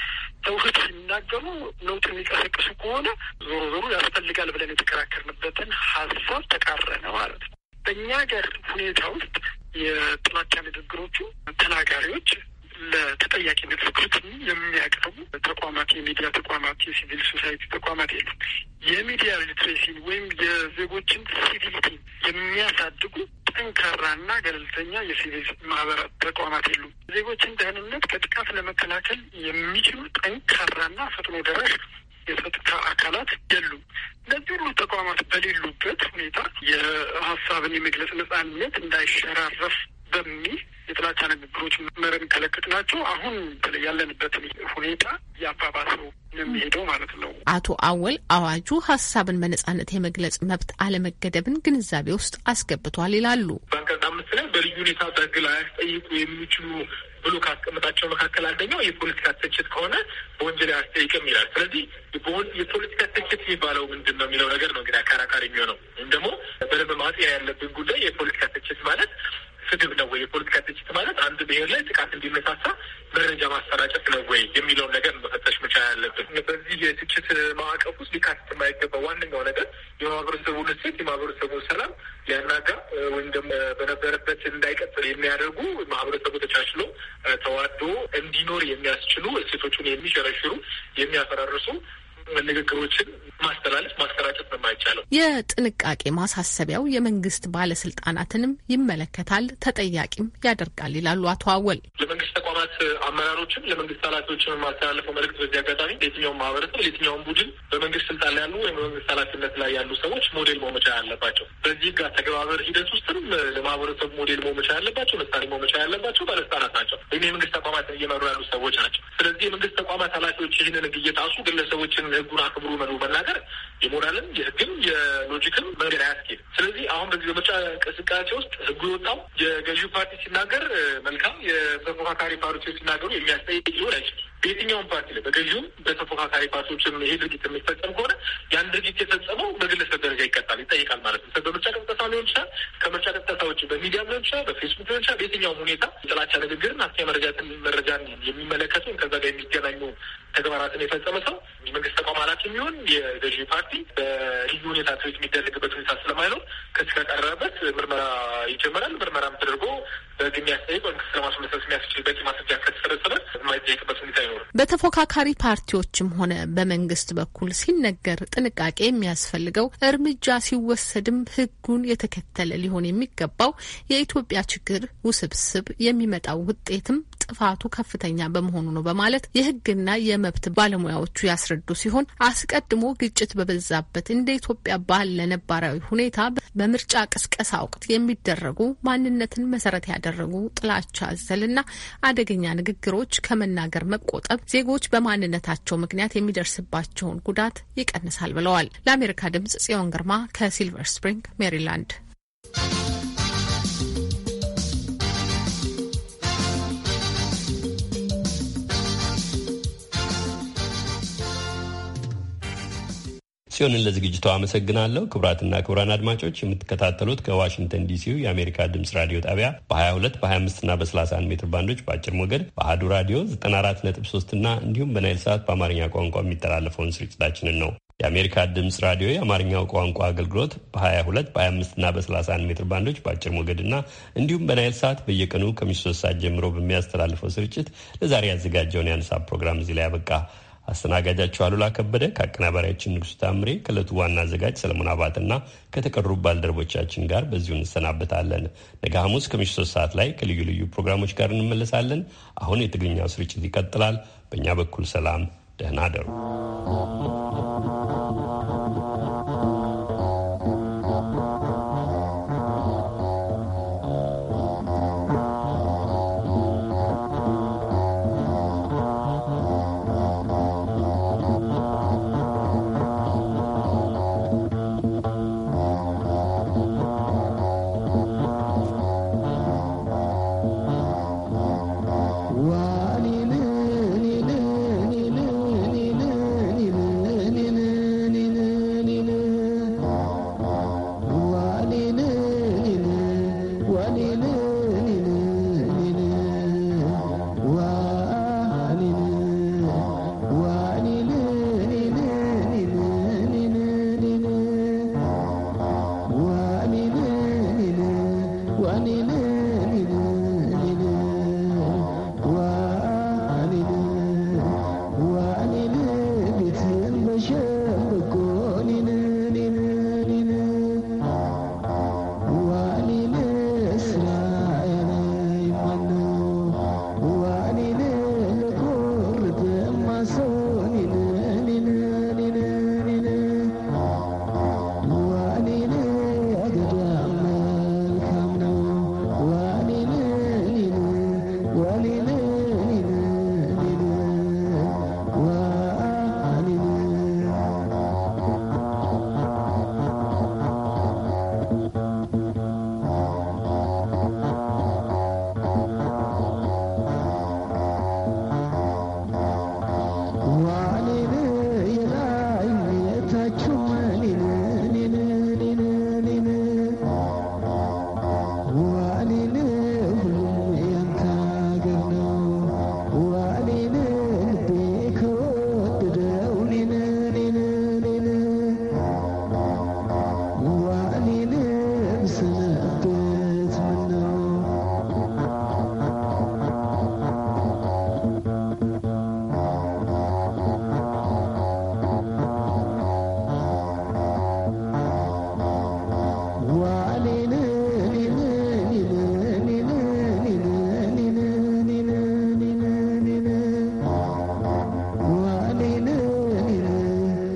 ሰዎች ሲናገሩ ነውጥ የሚቀሰቅሱ ከሆነ ዞሮ ዞሮ ያስፈልጋል ብለን የተከራከርንበትን ሀሳብ ተቃረነ ማለት ነው። በእኛ ሀገር ሁኔታ ውስጥ የጥላቻ ንግግሮቹ ተናጋሪዎች ለተጠያቂነት ፍክርትም የሚያቀርቡ ተቋማት የሚዲያ ተቋማት፣ የሲቪል ሶሳይቲ ተቋማት የሉ። የሚዲያ ሊትሬሲን ወይም የዜጎችን ሲቪሊቲ የሚያሳድጉ ጠንካራና ገለልተኛ የሲቪል ማህበራት ተቋማት የሉ። ዜጎችን ደህንነት ከጥቃት ለመከላከል የሚችሉ ጠንካራና ፈጥኖ ደራሽ የጸጥታ አካላት የሉም። እነዚህ ሁሉ ተቋማት በሌሉበት ሁኔታ የሀሳብን የመግለጽ ነጻነት እንዳይሸራረፍ በሚል የጥላቻ ንግግሮች መረብ የሚከለክት ናቸው። አሁን በተለይ ያለንበትን ሁኔታ እያባባሰው የሚሄደው ማለት ነው። አቶ አወል አዋጁ ሀሳብን በነጻነት የመግለጽ መብት አለመገደብን ግንዛቤ ውስጥ አስገብቷል ይላሉ። በአንቀጽ አምስት ላይ በልዩ ሁኔታ ላይ ያስጠይቁ የሚችሉ ብሎ ካስቀምጣቸው መካከል አንደኛው የፖለቲካ ትችት ከሆነ በወንጀል አያስጠይቅም ይላል። ስለዚህ የፖለቲካ ትችት የሚባለው ምንድን ነው የሚለው ነገር ነው እንግዲህ አከራካሪ የሚሆነው ወይም ደግሞ በደንብ ማጤን ያለብን ጉዳይ የፖለቲካ ትችት ማለት ስድብ ነው ወይ? የፖለቲካ ትችት ማለት አንድ ብሔር ላይ ጥቃት እንዲነሳሳ መረጃ ማሰራጨት ነው ወይ የሚለውን ነገር መፈተሽ መቻል ያለብን። በዚህ የትችት ማዕቀፍ ውስጥ ሊካተት የማይገባ ዋነኛው ነገር የማህበረሰቡን እሴት፣ የማህበረሰቡን ሰላም ሊያናጋ ወይም ደግሞ በነበረበት እንዳይቀጥል የሚያደርጉ ማህበረሰቡ ተቻችሎ ተዋዶ እንዲኖር የሚያስችሉ እሴቶቹን የሚሸረሽሩ የሚያፈራርሱ ንግግሮችን ማስተላለፍ ማሰራጨት በማይቻለው የጥንቃቄ ማሳሰቢያው የመንግስት ባለስልጣናትንም ይመለከታል፣ ተጠያቂም ያደርጋል ይላሉ አቶ አወል። ለመንግስት ተቋማት አመራሮችም ለመንግስት ኃላፊዎችም ማስተላለፈው መልእክት በዚህ አጋጣሚ ለየትኛውም ማህበረሰብ፣ ለየትኛውም ቡድን በመንግስት ስልጣን ላይ ያሉ ወይም በመንግስት ኃላፊነት ላይ ያሉ ሰዎች ሞዴል መመቻ ያለባቸው በዚህ ጋር ተገባበር ሂደት ውስጥም ለማህበረሰቡ ሞዴል መመቻ ያለባቸው ምሳሌ መመቻ ያለባቸው ባለስልጣናት ናቸው ወይም የመንግስት ተቋማትን እየመሩ ያሉ ሰዎች ናቸው። ስለዚህ የመንግስት ተቋማት ኃላፊዎች ይህንን እየጣሱ ግለሰቦችን ህጉን አክብሩ ነው መናገር የሞራልም የህግም የሎጂክም መንገድ አያስኬድ። ስለዚህ አሁን በዚህ በምርጫ እንቅስቃሴ ውስጥ ህጉ የወጣው የገዢው ፓርቲ ሲናገር መልካም፣ የተፎካካሪ ፓርቲዎች ሲናገሩ የሚያስጠይቅ ሊሆን አይችልም። በየትኛውም ፓርቲ ላይ በገዢውም በተፎካካሪ ፓርቲዎችም ይሄ ድርጊት የሚፈጸም ከሆነ ያን ድርጊት የፈጸመው በግለሰብ ደረጃ ይቀጣል፣ ይጠይቃል ማለት ነው። በምርጫ ቅስቀሳ ሊሆን ይችላል፣ ከምርጫ ቅስቀሳ ውጭ በሚዲያም ሊሆን ይችላል፣ በፌስቡክ ሊሆን ይችላል። በየትኛውም ሁኔታ የጥላቻ ንግግርን፣ ሀሰተኛ መረጃ መረጃን የሚመለከቱ ወይም ከዛ ጋር የሚገናኙ ተግባራትን የፈጸመ ሰው የመንግስት ተቋም የሚሆን የገዢ ፓርቲ በልዩ ሁኔታ ትሪት የሚደረግበት ሁኔታ ስለማይኖር ከዚህ ከቀረበበት ምርመራ ይጀመራል። ምርመራም ተደርጎ በህግ የሚያስጠይቅ ወይም ክስ ለማስመሰረት የሚያስችል በቂ ማስረጃ ከተሰበሰበ የማይጠየቅበት ሁኔታ አይኖርም። በተፎካካሪ ፓርቲዎችም ሆነ በመንግስት በኩል ሲነገር ጥንቃቄ የሚያስፈልገው እርምጃ ሲወሰድም ህጉን የተከተለ ሊሆን የሚገባው የኢትዮጵያ ችግር ውስብስብ የሚመጣው ውጤትም ጥፋቱ ከፍተኛ በመሆኑ ነው በማለት የህግና የመብት ባለሙያዎቹ ያስረዱ ሲሆን አስቀድሞ ግጭት በበዛበት እንደ ኢትዮጵያ ባለ ነባራዊ ሁኔታ በምርጫ ቅስቀሳ ወቅት የሚደረጉ ማንነትን መሰረት ያደረጉ ጥላቻ አዘልና አደገኛ ንግግሮች ከመናገር መቆጠብ ዜጎች በማንነታቸው ምክንያት የሚደርስባቸውን ጉዳት ይቀንሳል ብለዋል። ለአሜሪካ ድምጽ ጽዮን ግርማ ከሲልቨር ስፕሪንግ ሜሪላንድ። ጽዮንን ለዝግጅቱ አመሰግናለሁ። ክቡራትና ክቡራን አድማጮች የምትከታተሉት ከዋሽንግተን ዲሲው የአሜሪካ ድምፅ ራዲዮ ጣቢያ በ22 በ25ና በ31 ሜትር ባንዶች በአጭር ሞገድ በአህዱ ራዲዮ 94.3 እና እንዲሁም በናይል ሰዓት በአማርኛ ቋንቋ የሚተላለፈውን ስርጭታችንን ነው። የአሜሪካ ድምጽ ራዲዮ የአማርኛው ቋንቋ አገልግሎት በ22 በ25 እና በ31 ሜትር ባንዶች በአጭር ሞገድና እንዲሁም በናይል ሰዓት በየቀኑ ከምሽቱ ሰዓት ጀምሮ በሚያስተላልፈው ስርጭት ለዛሬ ያዘጋጀውን የአንሳ ፕሮግራም እዚህ ላይ ያበቃ። አስተናጋጃቸው አሉላ ከበደ ከአቀናባሪያችን ንጉሥ ታምሬ ከእለቱ ዋና አዘጋጅ ሰለሞን አባትና ከተቀሩ ባልደረቦቻችን ጋር በዚሁ እንሰናበታለን። ነገ ሐሙስ ከምሽቱ ሶስት ሰዓት ላይ ከልዩ ልዩ ፕሮግራሞች ጋር እንመለሳለን። አሁን የትግርኛው ስርጭት ይቀጥላል። በእኛ በኩል ሰላም፣ ደህና አደሩ።